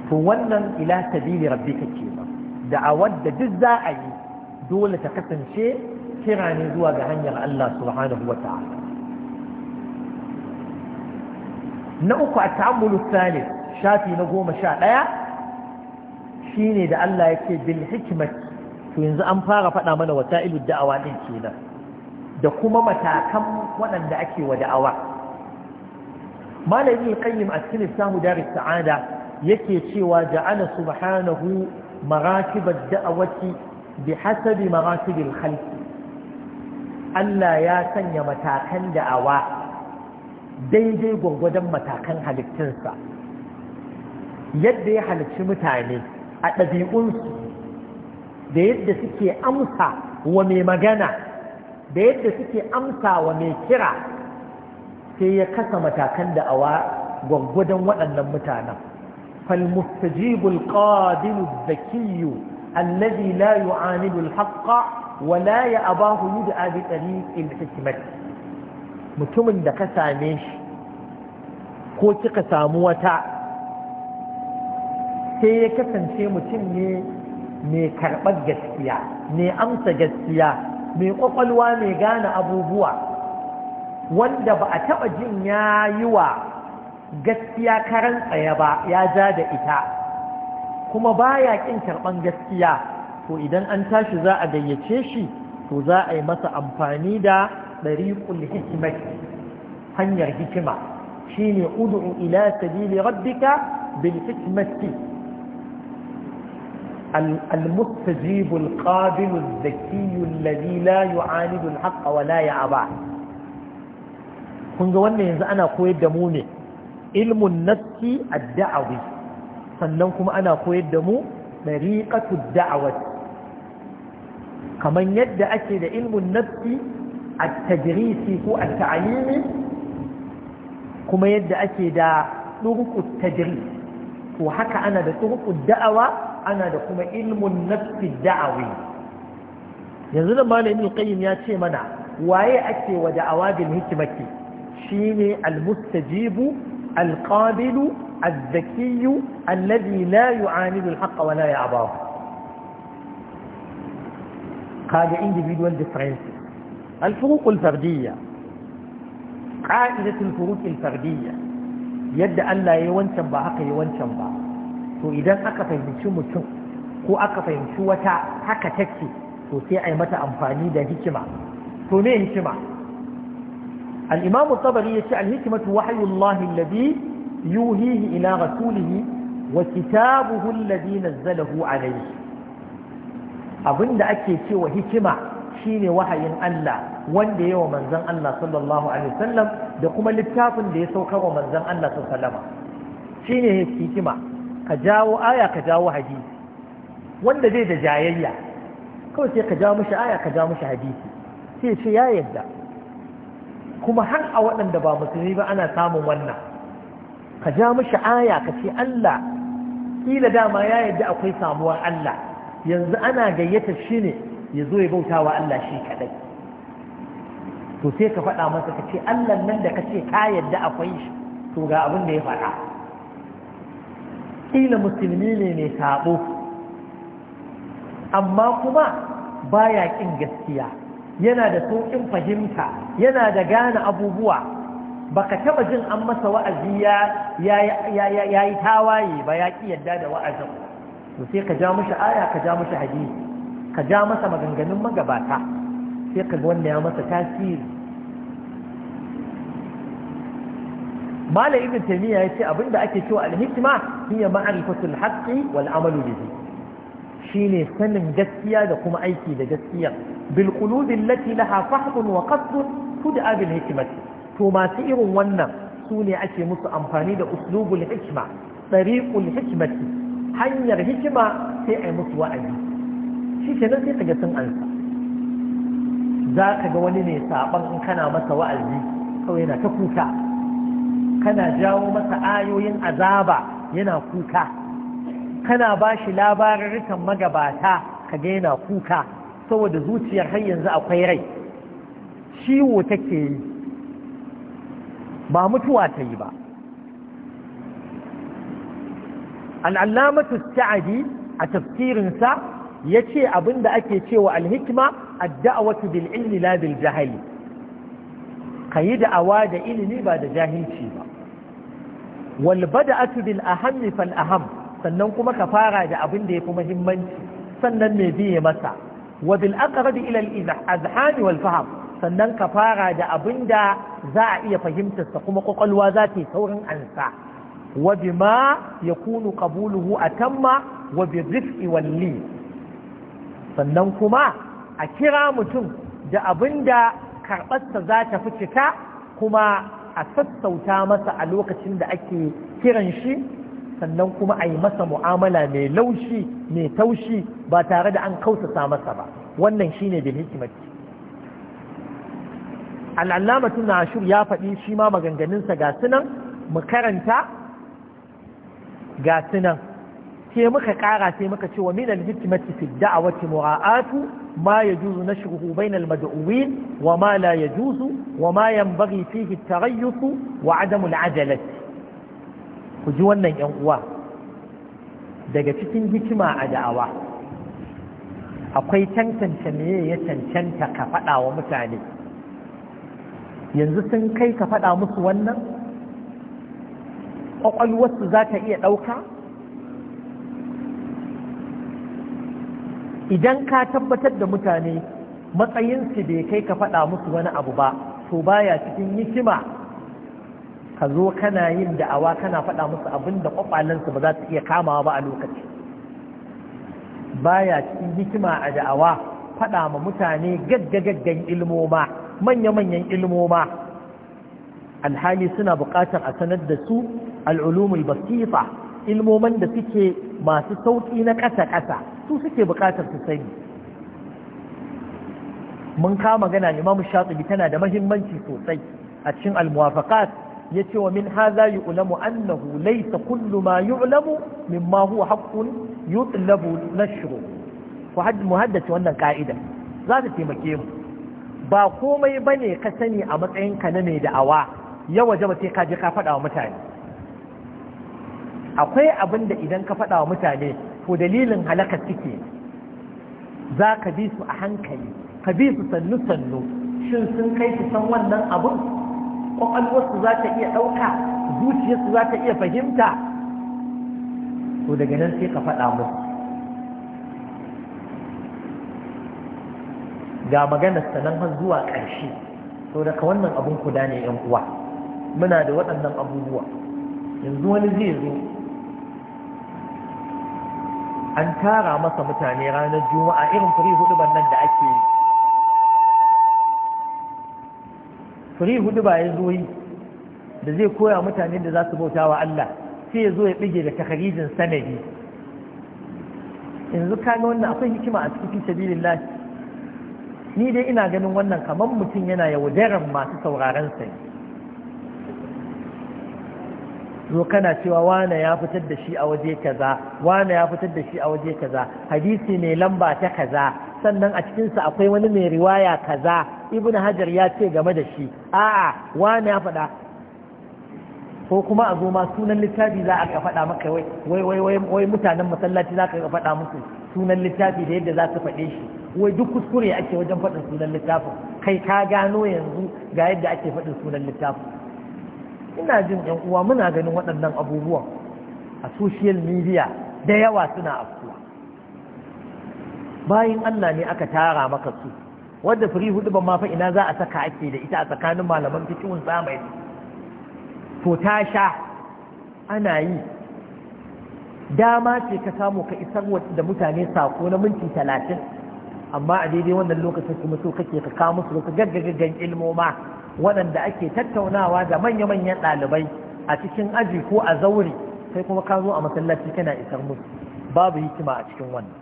S2: to wannan ila sabili rabbika kenan ba. da duk za a yi dole ta kasance kira ne zuwa ga hanyar Allah subhanahu wa ta'ala na uku a ta'ammulu tsani shafi na goma sha ɗaya shi ne da Allah ya ce bil to yanzu an fara faɗa mana wata ilu da'awa ɗin kenan da kuma matakan waɗanda ake wa da'awa malami qayyim a cikin islamu daris sa'ada yake cewa ja'ala subhanahu maratib ad-da'awati bihasabi maratib al-khalq Allah ya sanya matakan da'awa daidai gwargwadon matakan halittinsa, yadda ya halicci mutane a ɗabi'unsu da yadda suke amsa wa mai magana da yadda suke amsa wa mai kira sai ya kasa matakan da awa gwaggwadon waɗannan mutanen فالمستجيب القادم الذكي الذي لا يعاند الحق ولا يأباه يدعى بطريق الحكمة mutumin da ka same shi ko kika samu wata sai ya kasance mutum ne mai karɓar gaskiya mai amsa gaskiya mai ƙwaƙwalwa mai gane abubuwa wanda ba a taɓa jin ya yi wa gaskiya karan tsaye ba ya ja da ita kuma baya ƙin karɓar gaskiya to idan an tashi za a gayyace shi to za a yi masa amfani da ɗariƙul hikimai hanyar hikima shine ud'u ila sabili rabbika bil hikmati المستجيب القابل الذكي الذي لا يعاند الحق ولا يعباه kun ga wannan yanzu ana koyar da mu ne ilmun nafsi ad-da'awi sannan kuma ana koyar da mu dariqatu da'awat kaman yadda ake da ilmun nafsi التدريسي هو التعليمي كما يدى أكيدا طرق التدريس وحكى أنا بطرق الدعوة أنا لكم علم النفس الدعوي ينزل ما لابن القيم ياتي منع وايه أكي ودعوة بالهكمة شيني المستجيب القابل الذكي الذي لا يعاند الحق ولا يعباه قال individual differences الفروق الفردية قاعدة الفروق الفردية يد أن لا يوانشن بحق يوانشن بحق فإذا أكا فهمشو متو ko aka fahimci wata haka take to sai a mata amfani da hikima to me hikima al-imam tabari yace al-hikmatu wahyullahi alladhi yuhihi ila rasulihi wa kitabuhu alladhi nazzalahu alayhi abinda ake cewa hikima shine wahayin Allah wanda yawa manzon Allah sallallahu alaihi wasallam da kuma littafin da ya saukar wa manzon Allah sallallahu alaihi wasallam shine hikima ka jawo aya ka jawo hadisi wanda zai da jayayya kawai sai ka jawo mishi aya ka jawo mishi hadisi sai ce ya yadda kuma har a waɗanda ba musulmi ba ana samun wannan ka ja mishi aya ka ce Allah kila dama ya yadda akwai samuwar Allah yanzu ana gayyata shi ne ya zo ya bauta wa Allah shi kadai to sai ka faɗa masa ka ce Allah nan da ka ce ka yadda akwai shi to ga abin da ya faɗa kila musulmi ne mai saɓo amma kuma baya kin gaskiya yana da sauƙin fahimta yana da gane abubuwa baka taba jin an masa wa'azi ya yi tawaye ba ya ƙi yadda da wa'azin to sai ka ja mishi aya ka ja mishi hadisi ka ja masa maganganun magabata sai ka ga wanda ya masa tasiri malam ibn taymiya yace abinda ake cewa al-hikma hiya ma'rifatul haqqi wal amalu bihi shine sanin gaskiya da kuma aiki da gaskiya bil qulubi allati laha fahmun wa qasd tud'a bil to masu irin wannan su ne ake musu amfani da uslubul hikma tariqul hikmati hanyar hikima sai ai musu wa'azi shi ke nan sai ka ga sun ansa za ka ga wani ne saɓan in kana masa wa'azi kawai yana ta kuka kana jawo masa ayoyin azaba yana kuka kana ba shi labarurrukan magabata ka ga yana kuka saboda zuciyar har yanzu akwai rai ciwo take yi ba mutuwa ta yi ba al'allamatu ta'adi a tafsirinsa ya ce abin da ake cewa alhikima adda'awatu bil ilmi la bil jahali ka yi da'awa da ilimi ba da jahilci ba wal bada'atu bil ahammi fal aham sannan kuma ka fara da abin da yafi muhimmanci sannan me biye masa wa bil aqrab ila al azhani wal faham sannan ka fara da abin da za a iya fahimtar sa kuma kwakwalwa za ta yi saurin ansa wa bima yakunu qabuluhu atamma wa bi rif'i wal li sannan kuma a kira mutum da abin da karɓarsa za ta fi cika kuma a sassauta masa a lokacin da ake kiran shi sannan kuma a yi masa mu'amala mai laushi mai taushi ba tare da an kausasa masa ba wannan shine bil hikimati al'allama tun ashur ya faɗi shi ma maganganunsa ga sunan mu karanta ga sai muka ƙara sai muka ce wa min al-hikmati fi da'wati mura'atu ma yajuzu nashruhu bayna al-mad'uwin wa ma la yajuzu wa ma yanbaghi fihi at wa 'adam al ku ji wannan yan uwa daga cikin hikima a da'awa akwai tantance meye ya cancanta ka faɗa wa mutane yanzu sun kai ka faɗa musu wannan ƙwaƙwalwarsu za ta iya ɗauka idan ka tabbatar da mutane matsayinsu bai kai ka faɗa musu wani abu ba to baya cikin hikima ka zo kana yin da'awa kana faɗa musu abin da ƙwaƙwalensu ba za su iya kamawa ba a lokaci baya cikin hikima a da'awa faɗa ma mutane gaggagaggan ilmoma manya-manyan ilmoma alhali suna buƙatar a sanar da su al'ulumul basifa, ilmoman da suke masu sauƙi na ƙasa-ƙasa su suke bukatar su sani mun ka magana mamu shatibi tana da mahimmanci sosai a cikin al ya yace wa min hadha yu'lamu annahu laisa kullu ma yu'lamu mimma huwa haqqun yutlabu nashru ku hadd muhaddace wannan ka'ida za ta taimake mu ba komai bane ka sani a matsayin ka na mai da'awa ya waje ba sai ka je ka faɗa wa mutane akwai abinda idan ka faɗa wa mutane Ko dalilin halakar suke za ka bi su a hankali ka bi su sannu-sannu shin sun kai su san wannan abin ƙwaƙwalwarsu za ta iya ɗauka zuciyarsu za ta iya fahimta to daga nan sai ka faɗa musu ga maganar sanan har zuwa ƙarshe to daga wannan abin kuda ne uwa muna da waɗannan abubuwa yanzu wani zai zo an tara masa mutane ranar juma'a irin firi hudu nan da ake yi firi hudu ba ya zo yi da zai koya mutane da za su bauta wa Allah sai ya zo ya bige da takarijin sanadi yanzu kaga wannan akwai hikima a cikin lafi ni dai ina ganin wannan kamar mutum yana yaudarar masu sauraron sa ne zo kana cewa wane ya fitar da shi a waje kaza wane ya fitar da shi a waje kaza hadisi ne lamba ta kaza sannan a cikinsa akwai wani mai riwaya kaza ibn hajar ya ce game da shi a'a wane ya faɗa ko kuma a zo ma sunan littafi za a faɗa maka wai wai wai wai mutanen masallaci za ka faɗa musu sunan littafi da yadda za su faɗe shi wai duk kuskure ake wajen faɗin sunan littafin kai ka gano yanzu ga yadda ake faɗin sunan littafin ina jin yan uwa muna ganin waɗannan abubuwan a social media da yawa suna afkuwa bayan Allah ne aka tara maka su wadda firi hudu ban mafa ina za a saka ake da ita a tsakanin malaman fikihun zamani to ta sha ana yi dama ce ka samu ka isar da mutane sako na minti talatin amma a daidai wannan lokacin kuma so kake ka kawo musu ka gaggaga ilmoma waɗanda ake tattaunawa da manya-manyan ɗalibai a cikin aji ko a zauri sai kuma ka zo a masallaci kana isar musu babu hikima a cikin wannan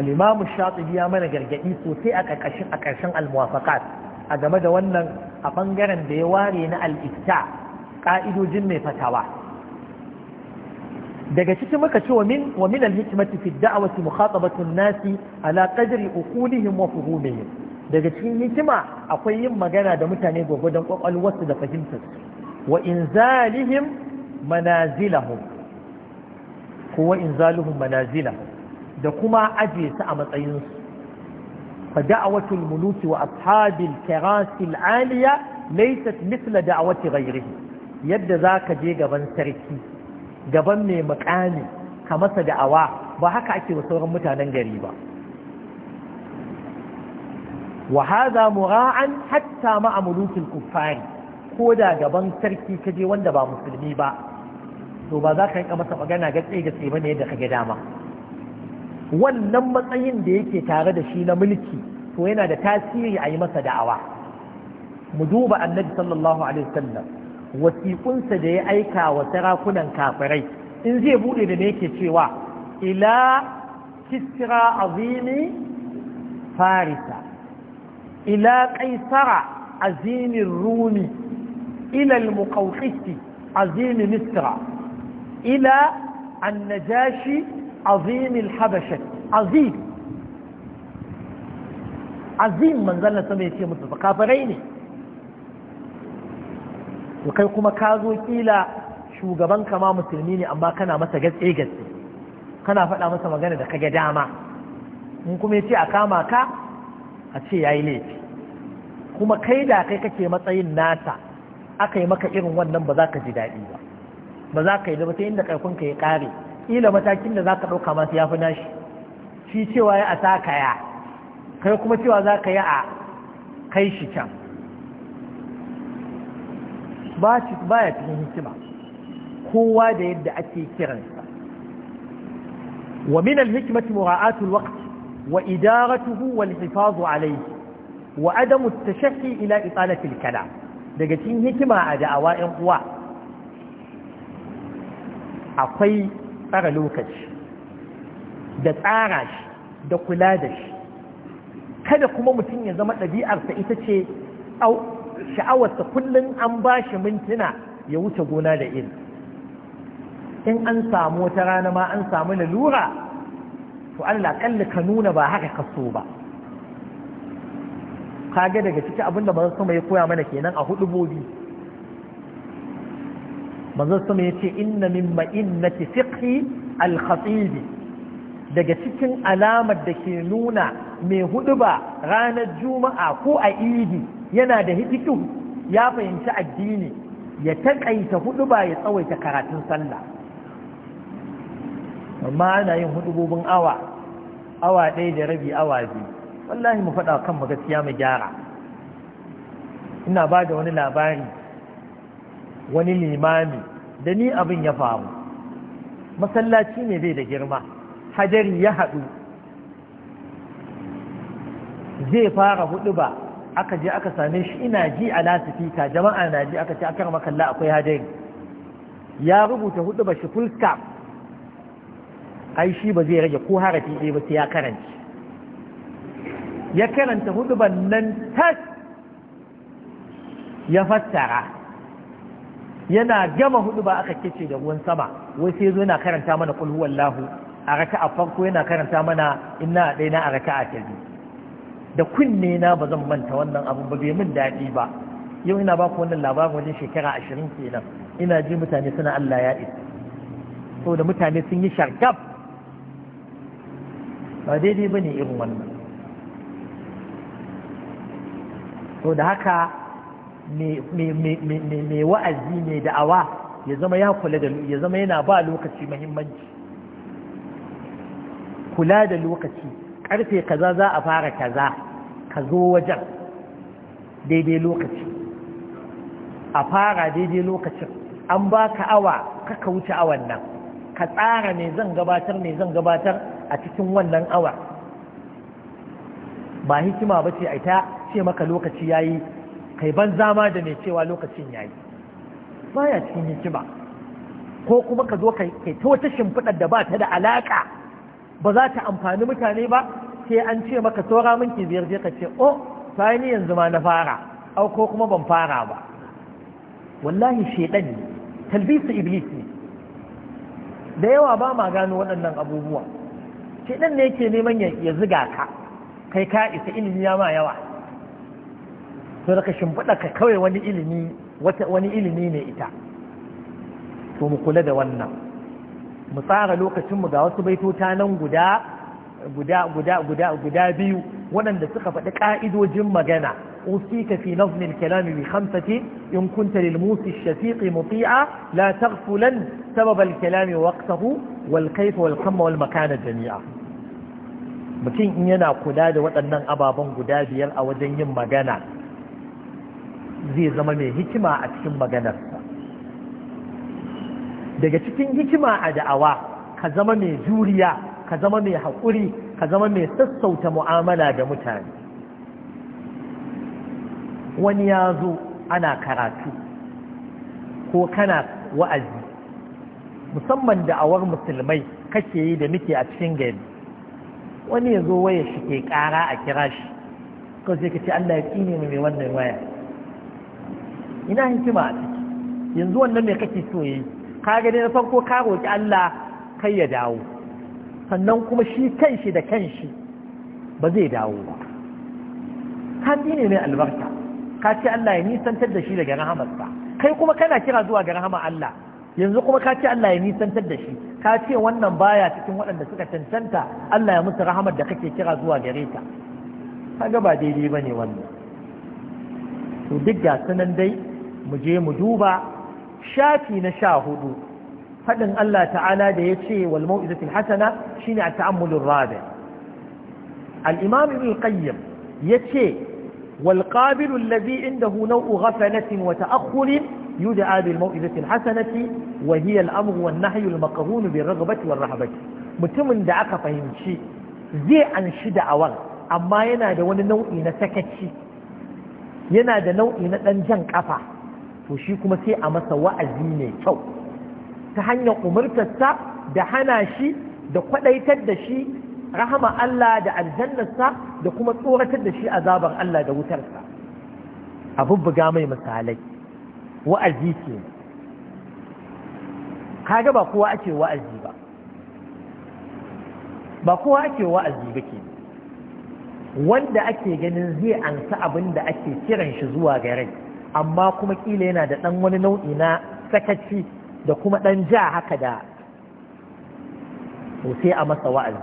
S2: al'imamu shaɗibi ya mana gargaɗi sosai a ƙarshen almuwafaƙat a game da wannan a ɓangaren da ya ware na al'ifta ƙa'idojin mai fatawa daga ciki muka ce wa min wa min al-hikmati fi da'wati mukhatabatu an-nasi ala qadri uqulihim wa fuhumihim daga cikin hikima akwai yin magana da mutane gwagwadon kwakwalwarsu da fahimtar wa inzalihim manazilahum ko wa manazilahum da kuma aje su a matsayin su fa da'watu al-muluki wa ashabil kirasi al-aliya laysat mithla da'wati ghayrihim yadda zaka je gaban sarki gaban mai makami ka masa da'awa ba haka ake wa sauran mutanen gari ba wa haza mura'an hatta ma'a mulukin kuffari ko da gaban sarki kaje wanda ba musulmi ba to ba za ka rika masa magana gatse gatse ba ne da ka ga dama wannan matsayin da yake tare da shi na mulki to yana da tasiri a yi masa da'awa mu duba annabi sallallahu alaihi wasallam wasiƙunsa da ya aika wa sarakunan kafirai in zai buɗe da me yake cewa ila kisra azimi farisa ila kaisara azimin rumi ila al-muqawqisi azimi misra ila annajashi azimin habasha azim azim manzon sama ya ce musu kafirai ne to kai kuma ka zo kila shugaban kama musulmi ne amma kana masa gatse gatse kana faɗa masa magana da kage dama in kuma ya ce a kama ka a ce ya yi laifi kuma kai da kai kake matsayin nata aka yi maka irin wannan ba za ka ji daɗi ba ba za ka yi ba sai inda ka ya ƙare ƙila matakin da za ka ɗauka masu ya fi nashi shi cewa ya a sa kai kuma cewa za ka yi a kai shi can ba ba ya cikin hikima kowa da yadda ake kiransa wa min al mura'atu al-waqt wa idaratuhu wal hifazu alayhi wa adamu at-tashahhi ila italati al-kalam daga cikin hikima a da'awa ɗan uwa akwai tsara lokaci da tsara shi da kula da shi kada kuma mutum ya zama ɗabi'arsa ita ce au sha'awarsa kullum an ba shi mintuna ya wuce gona da iri in an samu wata rana ma an samu lalura to Allah kalli ka nuna ba haka ka so ba kage daga ciki abin da manzon sama ya koya mana kenan a hudu bobi manzon sama ya ce inna min ma'innati fiqhi al daga cikin alamar da ke nuna mai hudu ba ranar juma'a ko a idi yana da hikitu ya fahimci addini ya taƙaita hudu ba ya tsawaita karatun sallah amma ana yin gobin awa awa ɗaya da rabi awa biyu wallahi mu faɗa kan gaskiya mu gyara ina ba da wani labari wani limami da ni abin ya faru masallaci ne zai da girma hajari ya haɗu zai fara hudu ba aka je aka same shi ina ji a lasifika jama'a na ji aka ce akar kalla akwai hadari ya rubuta hudu ba shi full ai shi ba zai rage ko harafi ɗaya ba sai ya karanta ya karanta hudu nan tas ya fassara yana gama hudu ba aka kece da ruwan sama wai sai zo yana karanta mana kulhuwallahu a raka'a farko yana karanta mana inna a ɗaya na a raka a biyu da kunne na ba zan manta wannan abu ba bai min daɗi ba yau ina ba ku wannan labarin wajen shekara ashirin kenan ina ji mutane suna Allah ya isa so da mutane sun yi sharkaf ba daidai ba ne irin wannan so da haka mai wa'azi mai da'awa ya zama ya kula da ya zama yana ba lokaci mahimmanci kula da lokaci karfe kaza za a fara kaza ka zo wajen daidai lokaci a fara daidai lokacin an baka awa kaka wuce awan nan ka tsara mai zan gabatar mai zan gabatar a cikin wannan awa ba hikima ba ce a ita ce maka lokaci yi kai ban zama da mai cewa lokacin ya yi, ba ya cikin hikima ko kuma ka zo kai ta wata shimfiɗar da ba ta da alaƙa ba za ta amfani mutane ba sai an ce maka saura minki biyar je ka ce o ta ni yanzu ma na fara au ko kuma ban fara ba wallahi shedan ne talbisu iblis ne da yawa ba ma gano waɗannan abubuwa shedan ne yake neman ya ziga ka kai ka isa ilimi ya ma yawa to da ka shimfiɗa ka kawai wani ilimi wani ilimi ne ita to mu kula da wannan mu tsara lokacinmu ga wasu baitota nan guda guda guda guda waɗanda suka faɗi ƙa'idojin magana أوصيك في نظم الكلام بخمسة إن كنت للموسي الشفيق مطيعا لا تغفلا سبب الكلام ووقته والكيف والقم والمكان جميعا mutum in yana kula da waɗannan ababen guda biyar a wajen yin magana zai zama mai hikima a cikin maganar daga cikin hikima a da'awa ka zama mai juriya ka zama mai haƙuri ka zama mai sassauta mu'amala da mutane wani ya zo ana karatu ko kana wa'azi musamman da'awar musulmai kake yi da muke a cikin gari wani ya zo waya shi ke kara a kira shi ko sai ka ce Allah ya tsine mai wannan waya ina hikima a ciki yanzu wannan mai kake so yayi ka dai na farko ka roƙi Allah kai ya dawo sannan kuma shi kanshi da kanshi ba zai dawo ba ka ne mai albarka ka ce Allah ya nisantar da shi daga rahamarsa kai kuma kana kira zuwa ga rahama Allah yanzu kuma ka ce Allah ya nisantar da shi ka ce wannan baya cikin waɗanda suka cancanta Allah ya musu rahamar da kake kira zuwa gare ta kaga ba daidai bane wannan to duk ga sanan dai mu je mu duba shafi na sha hudu faɗin Allah ta'ala da ya ce wal mau'izatul hasana shine a ta'ammulin rabi al-imam ibn al-qayyim yace wal qabilu alladhi indahu naw'u ghafalatin wa ta'akhkhulin yud'a bil mau'izatil hasanati wa hiya al-amru wan nahyu al bai bir raghbati war rahbati mutumin da aka fahimci zai anshi da'awar amma yana da wani nau'i na sakaci yana da nau'i na dan jan kafa to shi kuma sai a masa wa'azi mai kyau ta hanyar umartarsa da hana shi da kwadaitar da shi rahama Allah da aljannarsa da kuma tsoratar da shi azabar Allah da wutarsa abin buga mai misalai wa'azi ke kaga ba kowa ake wa'azi ba ba kowa ake wa'azi ba ke wanda ake ganin zai ansa abin da ake kiran shi zuwa ga rai amma kuma kila yana da ɗan wani nau'i na sakaci da kuma ɗan ja haka da sai a masa wa'azi.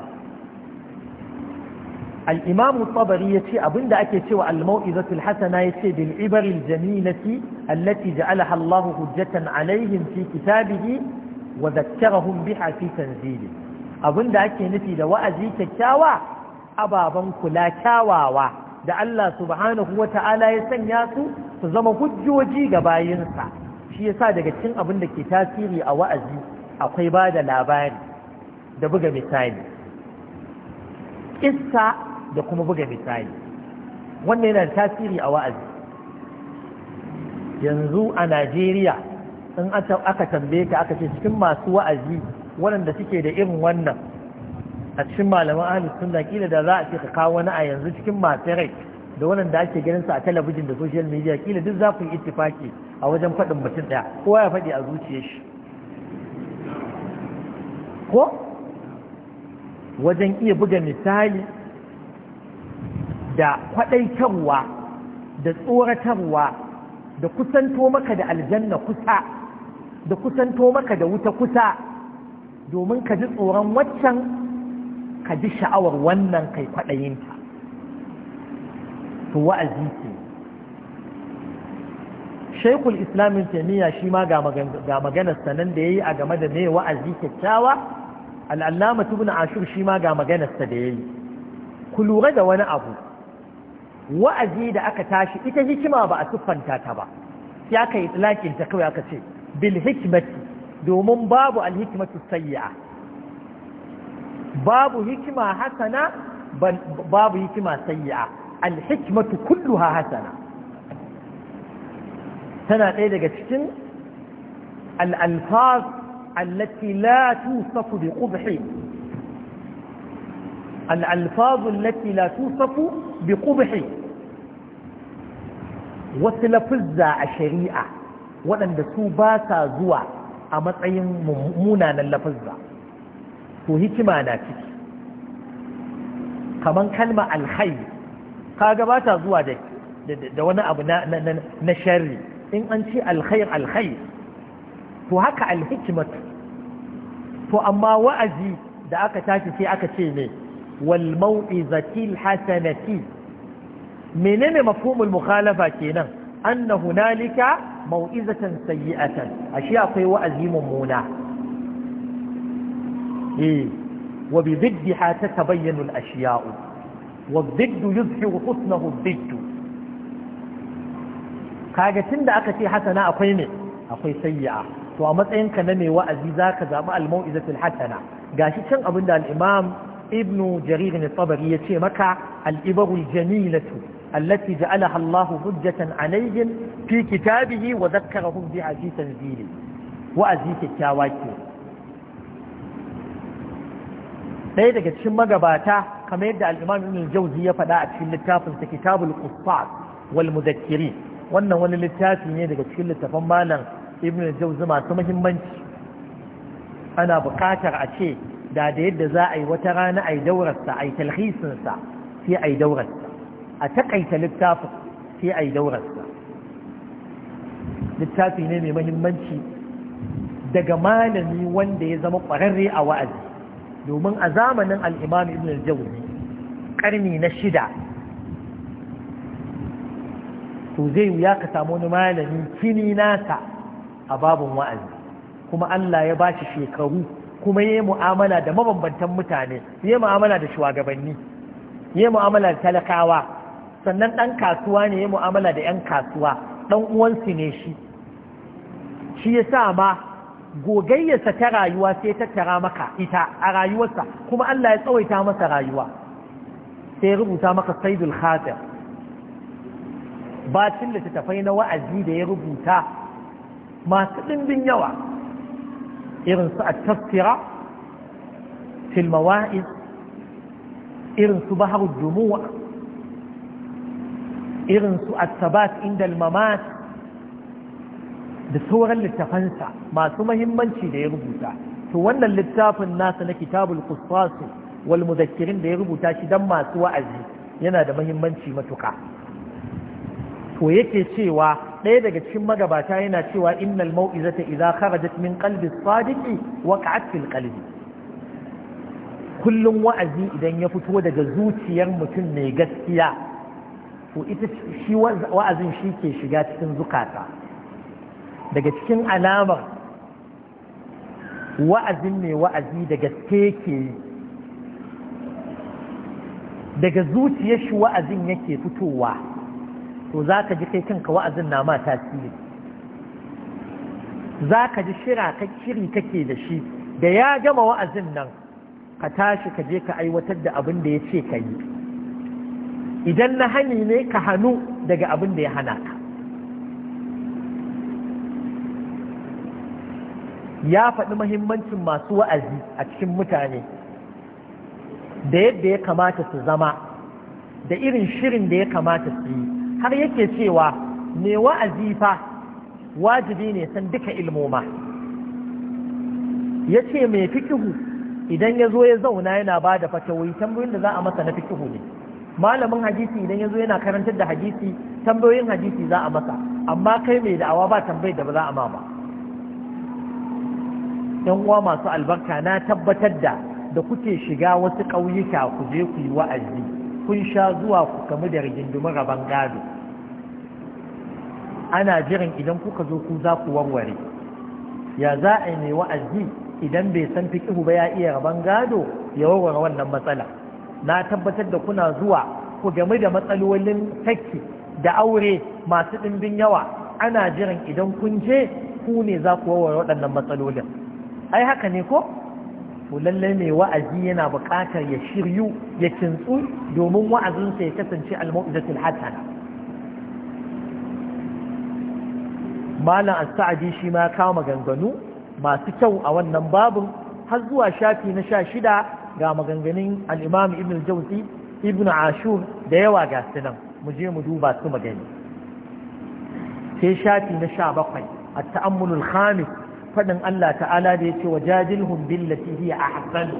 S2: al’imamu ƙabari ya ce abinda ake cewa al-mau'i za ya ce bin ibarin jami'inati allati ja'ala Allahu hujjatan alaihim fi kitabihi wa zakkarahum biha fi tanzili abinda ake nufi da wa'azi kyakkyawa ababen kula kyawawa da Allah subhanahu wa ta'ala ya sanya su su zama hujjoji ga bayinsa shi ya sa daga cikin abin da ke tasiri a wa'azi akwai ba da labari da buga misali ƙista da kuma buga misali wannan yana tasiri a wa'azi yanzu a najeriya in aka tambaye ka aka ce cikin masu wa'azi waɗanda suke da irin wannan a cikin malaman ahalus sunna kila da za a ce ka kawo wani a yanzu cikin masu rai da wannan da ake ganin sa a talabijin da social media kila duk za ku yi ittifaki a wajen faɗin mutum ɗaya kowa ya faɗi a zuciyar shi ko wajen iya buga misali da kwaɗaitarwa da tsoratarwa da kusanto maka da aljanna kusa da kusanto maka da wuta kusa domin ka ji tsoron waccan ka ji sha'awar wannan kai kwaɗayinta to wa'azi ke shaikul islamin taimiyya shi ma ga maganar sanan da ya yi a game da mai wa'azi kyakkyawa al'allama tubin ashur shi ma ga maganarsa da ya yi ku lura da wani abu wa'azi da aka tashi ita hikima ba a siffanta ta ba sai aka yi tsilakin ta kawai aka ce bil hikimati domin babu alhikimatu sayya babu hikima hasana babu hikima sayya alhikmatu kulluha hasana tana ɗaya daga cikin al'alfaz allati la tusafu bi ƙubhi, al'alfaz allati la tusafu bi ƙubhi, wasu lafuzza a shari'a waɗanda su ba sa zuwa a matsayin munanan lafuzza to hikima na ciki kaman kalma alhayi ka ba ta zuwa da da wani abu na sharri in an ce alkhair alkhair to haka alhikmat to amma wa'azi da aka tashi sai aka ce ne wal mau'izati alhasanati menene mafhumul mukhalafa kenan anna hunalika mau'izatan sayyi'atan ashe akwai wa'azi mummuna eh wa bi ziddiha tatabayyanu al-ashiya'u والضد يذكر حسنه الضد kaga tunda aka ce hasana akwai ne akwai sayyi'a to a matsayin ka na mai wa'azi zaka zabi al-mau'izatul hasana gashi can abin da al-imam ibnu jarir ne tabari yace maka al-ibarul jamilatu allati ja'alaha Allahu hujjatan alayhim fi kitabihi wa dhakkarahum biha fi tanzili wa'azi kyakkyawa ke ɗaya daga cikin magabata kamar yadda al'imam ibn jauzi ya faɗa a cikin littafin ta kitabul qusas wal mudhakkiri wannan wani littafi ne daga cikin littafan malam ibn jauzi masu muhimmanci ana buƙatar a ce da da yadda za a yi wata rana a yi daurarsa a yi talhisinsa sai a yi daurarsa a taƙaita littafin sai a yi daurarsa littafi ne mai mahimmanci daga malami wanda ya zama ƙwararre a wa'azi domin a zamanin al'imam ibn al-jawzi ƙarni na shida to zai wuya ka samu wani malami kini nasa a babin wa'azi kuma Allah ya ba shi shekaru kuma ya yi mu'amala da mabambantan mutane ya yi mu'amala da shugabanni ya yi mu'amala da talakawa sannan ɗan kasuwa ne ya yi mu'amala da 'yan kasuwa ɗan uwansu ne shi shi ya sa ma gogayyarsa ta rayuwa sai tattara maka ita a rayuwarsa kuma Allah ya tsawaita masa rayuwa sai rubuta maka saidul khatir bacin littattafai na wa'azi da ya rubuta masu ɗimbin yawa irin su a tafsira fil mawa'iz irin su baharud jumu'a irin su a sabat inda al-mamat da sauran littafansa masu mahimmanci da ya rubuta to wannan littafin nasa na kitabul kusfasu wal mudhakkirin da ya rubuta shi dan masu wa'azi yana da mahimmanci matuka to yake cewa ɗaya daga cikin magabata yana cewa innal mau'izata idza kharajat min qalbi sadiqi waqa'at fil qalbi kullum wa'azi idan ya fito daga zuciyar mutum mai gaskiya to ita shi wa'azin shi ke shiga cikin zukata daga cikin alamar wa'azin mai wa'azi da gaske daga zuciyar shi wa'azin yake fitowa to za ka ji kai kanka wa'azin na ma tasiri za ka ji shira ka shiri kake da shi da ya gama wa'azin nan ka tashi ka je ka aiwatar da abin da ya ce ka yi idan na hani ne ka hannu daga abin da ya hana ka ya faɗi mahimmancin masu wa'azi a cikin mutane da yadda ya kamata su zama da irin shirin da ya kamata su yi har yake cewa mai wa'azi fa wajibi ne san duka ilmoma ya ce mai fikihu idan ya zo ya zauna yana ba da fatawoyi tambayoyin da za a masa na fikihu ne malamin hadisi idan ya zo yana karantar da hadisi tambayoyin hadisi za a masa amma kai mai da'awa ba tambayar da ba za a ma ba yan uwa masu albarka na tabbatar da da kuke shiga wasu ƙauyuka ku je ku yi wa'azi kun sha zuwa ku kamu da rigindumin rabon gado ana jiran idan kuka zo ku za ku warware ya za a yi wa'azi idan bai san fiƙihu ba ya iya rabon gado ya warware wannan matsala na tabbatar da kuna zuwa ku game da matsalolin takki da aure masu ɗimbin yawa ana jiran idan kun je ku ne za ku warware waɗannan matsalolin ai haka ne ko to lallai mai wa'azi yana buƙatar ya shiryu ya kintsu domin wa'azinsa ya kasance al-mu'izatul hasana malam as-sa'di shi ma kawo maganganu masu kyau a wannan babin har zuwa shafi na sha shida ga maganganun al-imam ibn al-jawzi ibn ashur da yawa ga sunan mu je mu duba su magani sai shafi na sha bakwai at-ta'ammulul khamis faɗin Allah ta'ala da ya ce wa jajilhum billati hiya ahsan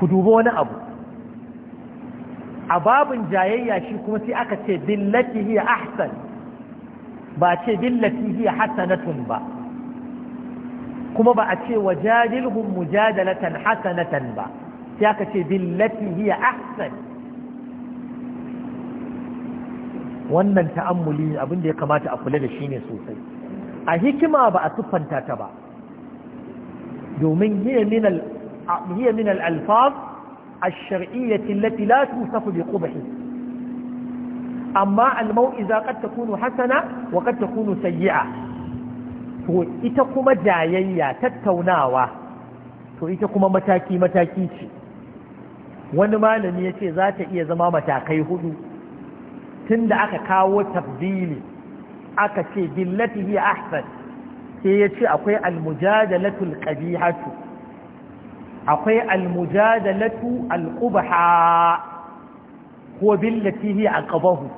S2: ku duba wani abu a babin jayayya shi kuma sai aka ce billati a Hassan ba ce billati hiya hasanatun ba kuma ba a ce wa jajilhum mujadalatan Hassanatan ba sai aka ce billati a Hassan, wannan ta'ammuli abin da ya kamata a kula da shi ne sosai a hikima ba a siffanta ta ba domin hiya min al'alfaz a shari'iyyati lati la tusafu bi qubhi amma al-mau'iza ta kunu hasana wa ta kunu sayi'a to ita kuma jayayya tattaunawa to ita kuma mataki mataki ce wani malami yace za ta iya zama matakai hudu tunda aka kawo tabdili aka ce billati hiya ahsan sai yace ce akwai almujadalatul qabihatu akwai almujadalatu alqubha ko billati hiya aqbahu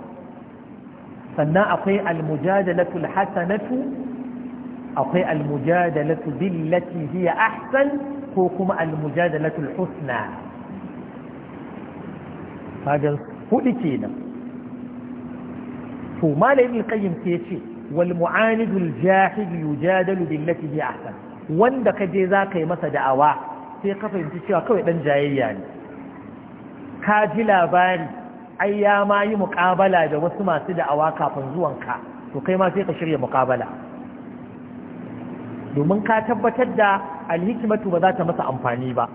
S2: sannan akwai almujadalatul hasanatu akwai almujadalatu billati hiya ahsan ko kuma almujadalatul husna kaga hudu kenan to malamin qayyim ke yace wal mu'anidul jahil yujadalu billati hi ahsan wanda ka je zaka yi masa da'awa sai ka fahimci cewa kawai dan jayayya ne ka ji labari ai ya ma yi muqabala da wasu masu da'awa kafin zuwanka to kai ma sai ka shirya muqabala domin ka tabbatar da alhikimatu ba za ta masa amfani ba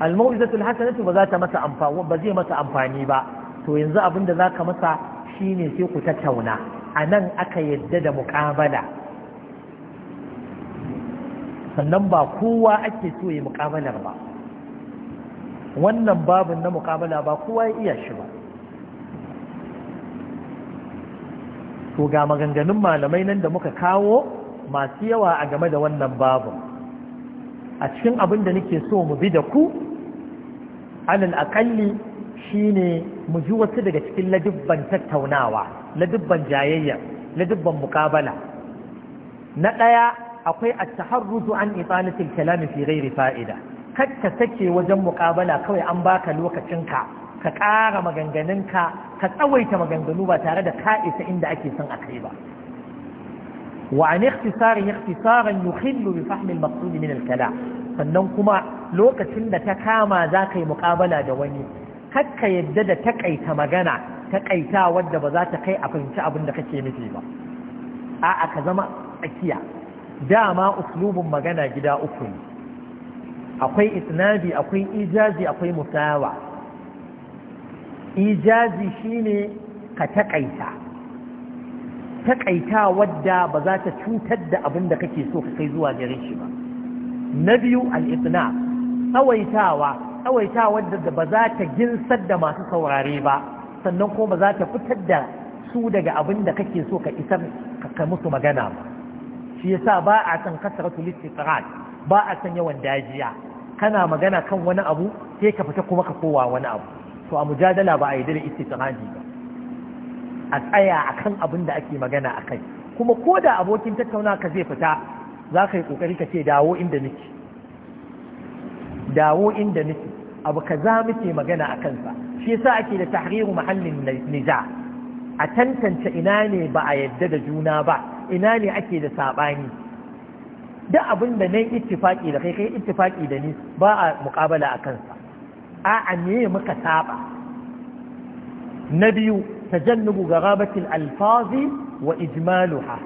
S2: al hasanatu ba za ta masa amfani ba masa amfani ba to yanzu abinda zaka masa Shi ne sai ku tattauna a nan aka yadda da muƙabala sannan ba kowa ake so ya muƙabalar ba wannan babin na muƙabala ba kowa ya iya shi ba to ga maganganun malamai nan da muka kawo masu yawa a game da wannan babin a cikin abin da nake so mu bi da ku alal aƙalli shine mu ji wasu daga cikin ladubban tattaunawa ladubban jayayya ladubban muƙabala na ɗaya akwai at-taharruju an italatil kalam fi ghairi fa'ida ka sake wajen muƙabala kawai an baka lokacinka ka ƙara maganganunka ka tsawaita maganganu ba tare da ka isa inda ake son a kai ba wa an ikhtisari ikhtisaran yukhillu bi fahmi al-maqsud min al-kalam sannan kuma lokacin da ta kama za ka yi muƙabala da wani ka yadda da takaita magana takaita wadda ba za ta kai a fahimci abin da kake nufi ba a'a ka zama tsakiya dama uslubin magana gida uku ne akwai isnadi akwai ijazi akwai musawa ijazi shine ka takaita takaita wadda ba za ta cutar da abin da kake so ka kai zuwa gare shi ba na biyu al-itna tsawaitawa tsawaita wadda ba za ta ginsar da masu saurare ba sannan kuma ba za ta fitar da su daga abin da kake so ka isar ka musu magana ba shi yasa ba a san kasratu listiqrat ba a san yawan dajiya kana magana kan wani abu sai ka fita kuma ka kowa wani abu to a mujadala ba a yi da istiqrati ba a tsaya a kan abin da ake magana a kai, kuma ko da abokin tattauna ka zai fita za ka yi kokari ka ce dawo inda nake dawo inda nake abu kaza muke magana a kansa shi yasa ake da tahriru muhallin nija a tantance ina ne ba a yadda da juna ba ina ne ake da saɓani da abin da nan ittifaki da kai kai ittifaki da ni ba a muƙabala a kansa a'a me muka saba na biyu tajannubu garabatil alfazi wa ijmaluha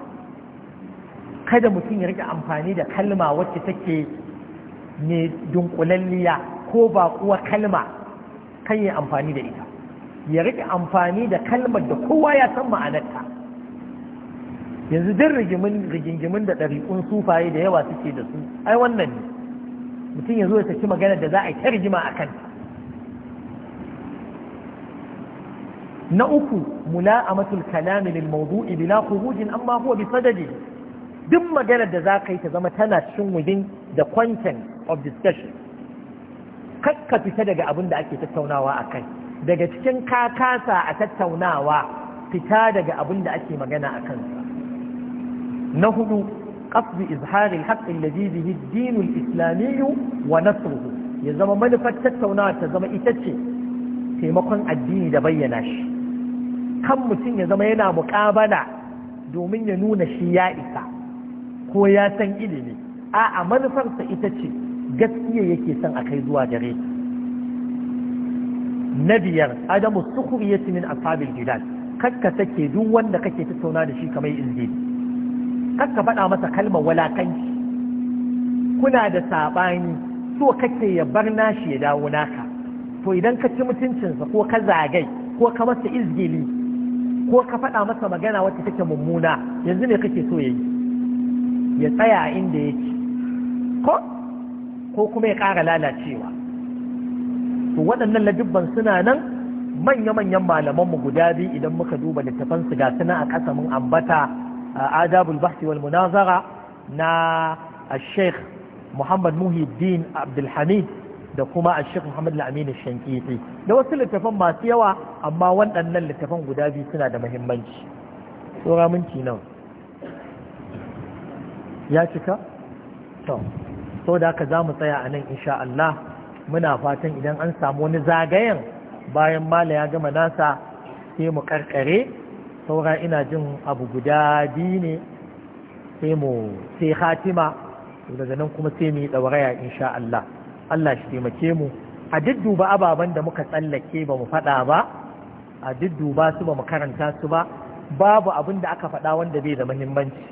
S2: kada mutum ya rike amfani da kalma wacce take ne dunkulalliya ko baƙuwa kalma kan yi amfani da ita ya riƙe amfani da kalmar da kowa ya san ma'anarta yanzu duk rigingimin da ɗari'un sufaye da yawa suke da su ai wannan ne mutum ya zo ya saki magana da za a yi ta rigima a kanta na uku mula'amatul kalami lil mawdu'i bila khurujin amma huwa bi sadadi duk maganar da za ka yi ta zama tana cikin within the content of discussion ka fita daga abin da ake tattaunawa a kai daga cikin kakasa a tattaunawa fita daga abun da ake magana a kansa na hudu ƙafzi izharin haƙƙin da zibihi dinul islamiyu wa nasruhu ya zama manufar tattaunawa ta zama ita ce taimakon addini da bayyana shi kan mutum ya zama yana muƙabala domin ya nuna shi ya isa ko ya san ilimi A'a manufarsa ita ce gaskiya yake son a kai zuwa gare na biyar adamu sukuriyati min asabil jidal kakka take duk wanda kake tattauna da shi kamar izgili kakka faɗa masa kalmar walakanci kuna da saɓani so kake ya bar nashi ya dawo naka to idan ka ci mutuncinsa ko ka zagai ko ka masa izgili ko ka faɗa masa magana wacce take mummuna yanzu ne kake so ya yi ya tsaya a inda yake ko ko kuma ya ƙara lalacewa to waɗannan ladibban suna nan manya-manyan malamanmu guda biyu idan muka duba littafan su ga a ƙasa mun ambata adabul bahti wal munazara na sheikh muhammad muhiddin abdulhamid da kuma a Sheikh Muhammad Al-Amin Shankiti da wasu littafan masu yawa amma waɗannan littafan guda biyu suna da muhimmanci tsora nan ya cika to sau da haka za mu tsaya a nan insha Allah muna fatan idan an samu wani zagayen bayan mala ya gama nasa sai mu karkare saura ina jin abu guda biyu ne sai mu sai hatima daga nan kuma sai mu yi ɗauraya insha Allah Allah shi taimake mu a dudduba ababen da muka tsallake ba mu faɗa ba a dudduba su ba mu karanta su ba babu abin da aka faɗa wanda bai da muhimmanci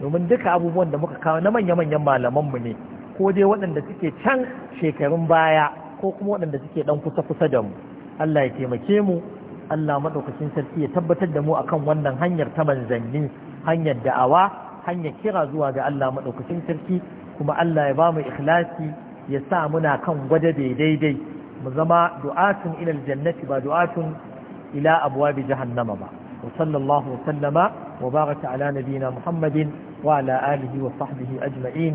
S2: domin duka abubuwan da muka kawo na manya-manyan mu ne ko dai waɗanda suke can shekarun baya ko kuma waɗanda suke ɗan kusa-kusa da mu Allah ya taimake mu Allah maɗaukacin sarki ya tabbatar da mu akan wannan hanyar ta manzanni hanyar da'awa hanyar kira zuwa ga Allah maɗaukacin sarki kuma Allah ya ba mu ikhlasi ya sa muna kan gwada daidai mu zama du'atun ila aljannati ba du'atun ila abwabi jahannama ba wa sallallahu wa sallama wa baraka ala nabiyina muhammadin wa ala alihi wa sahbihi ajma'in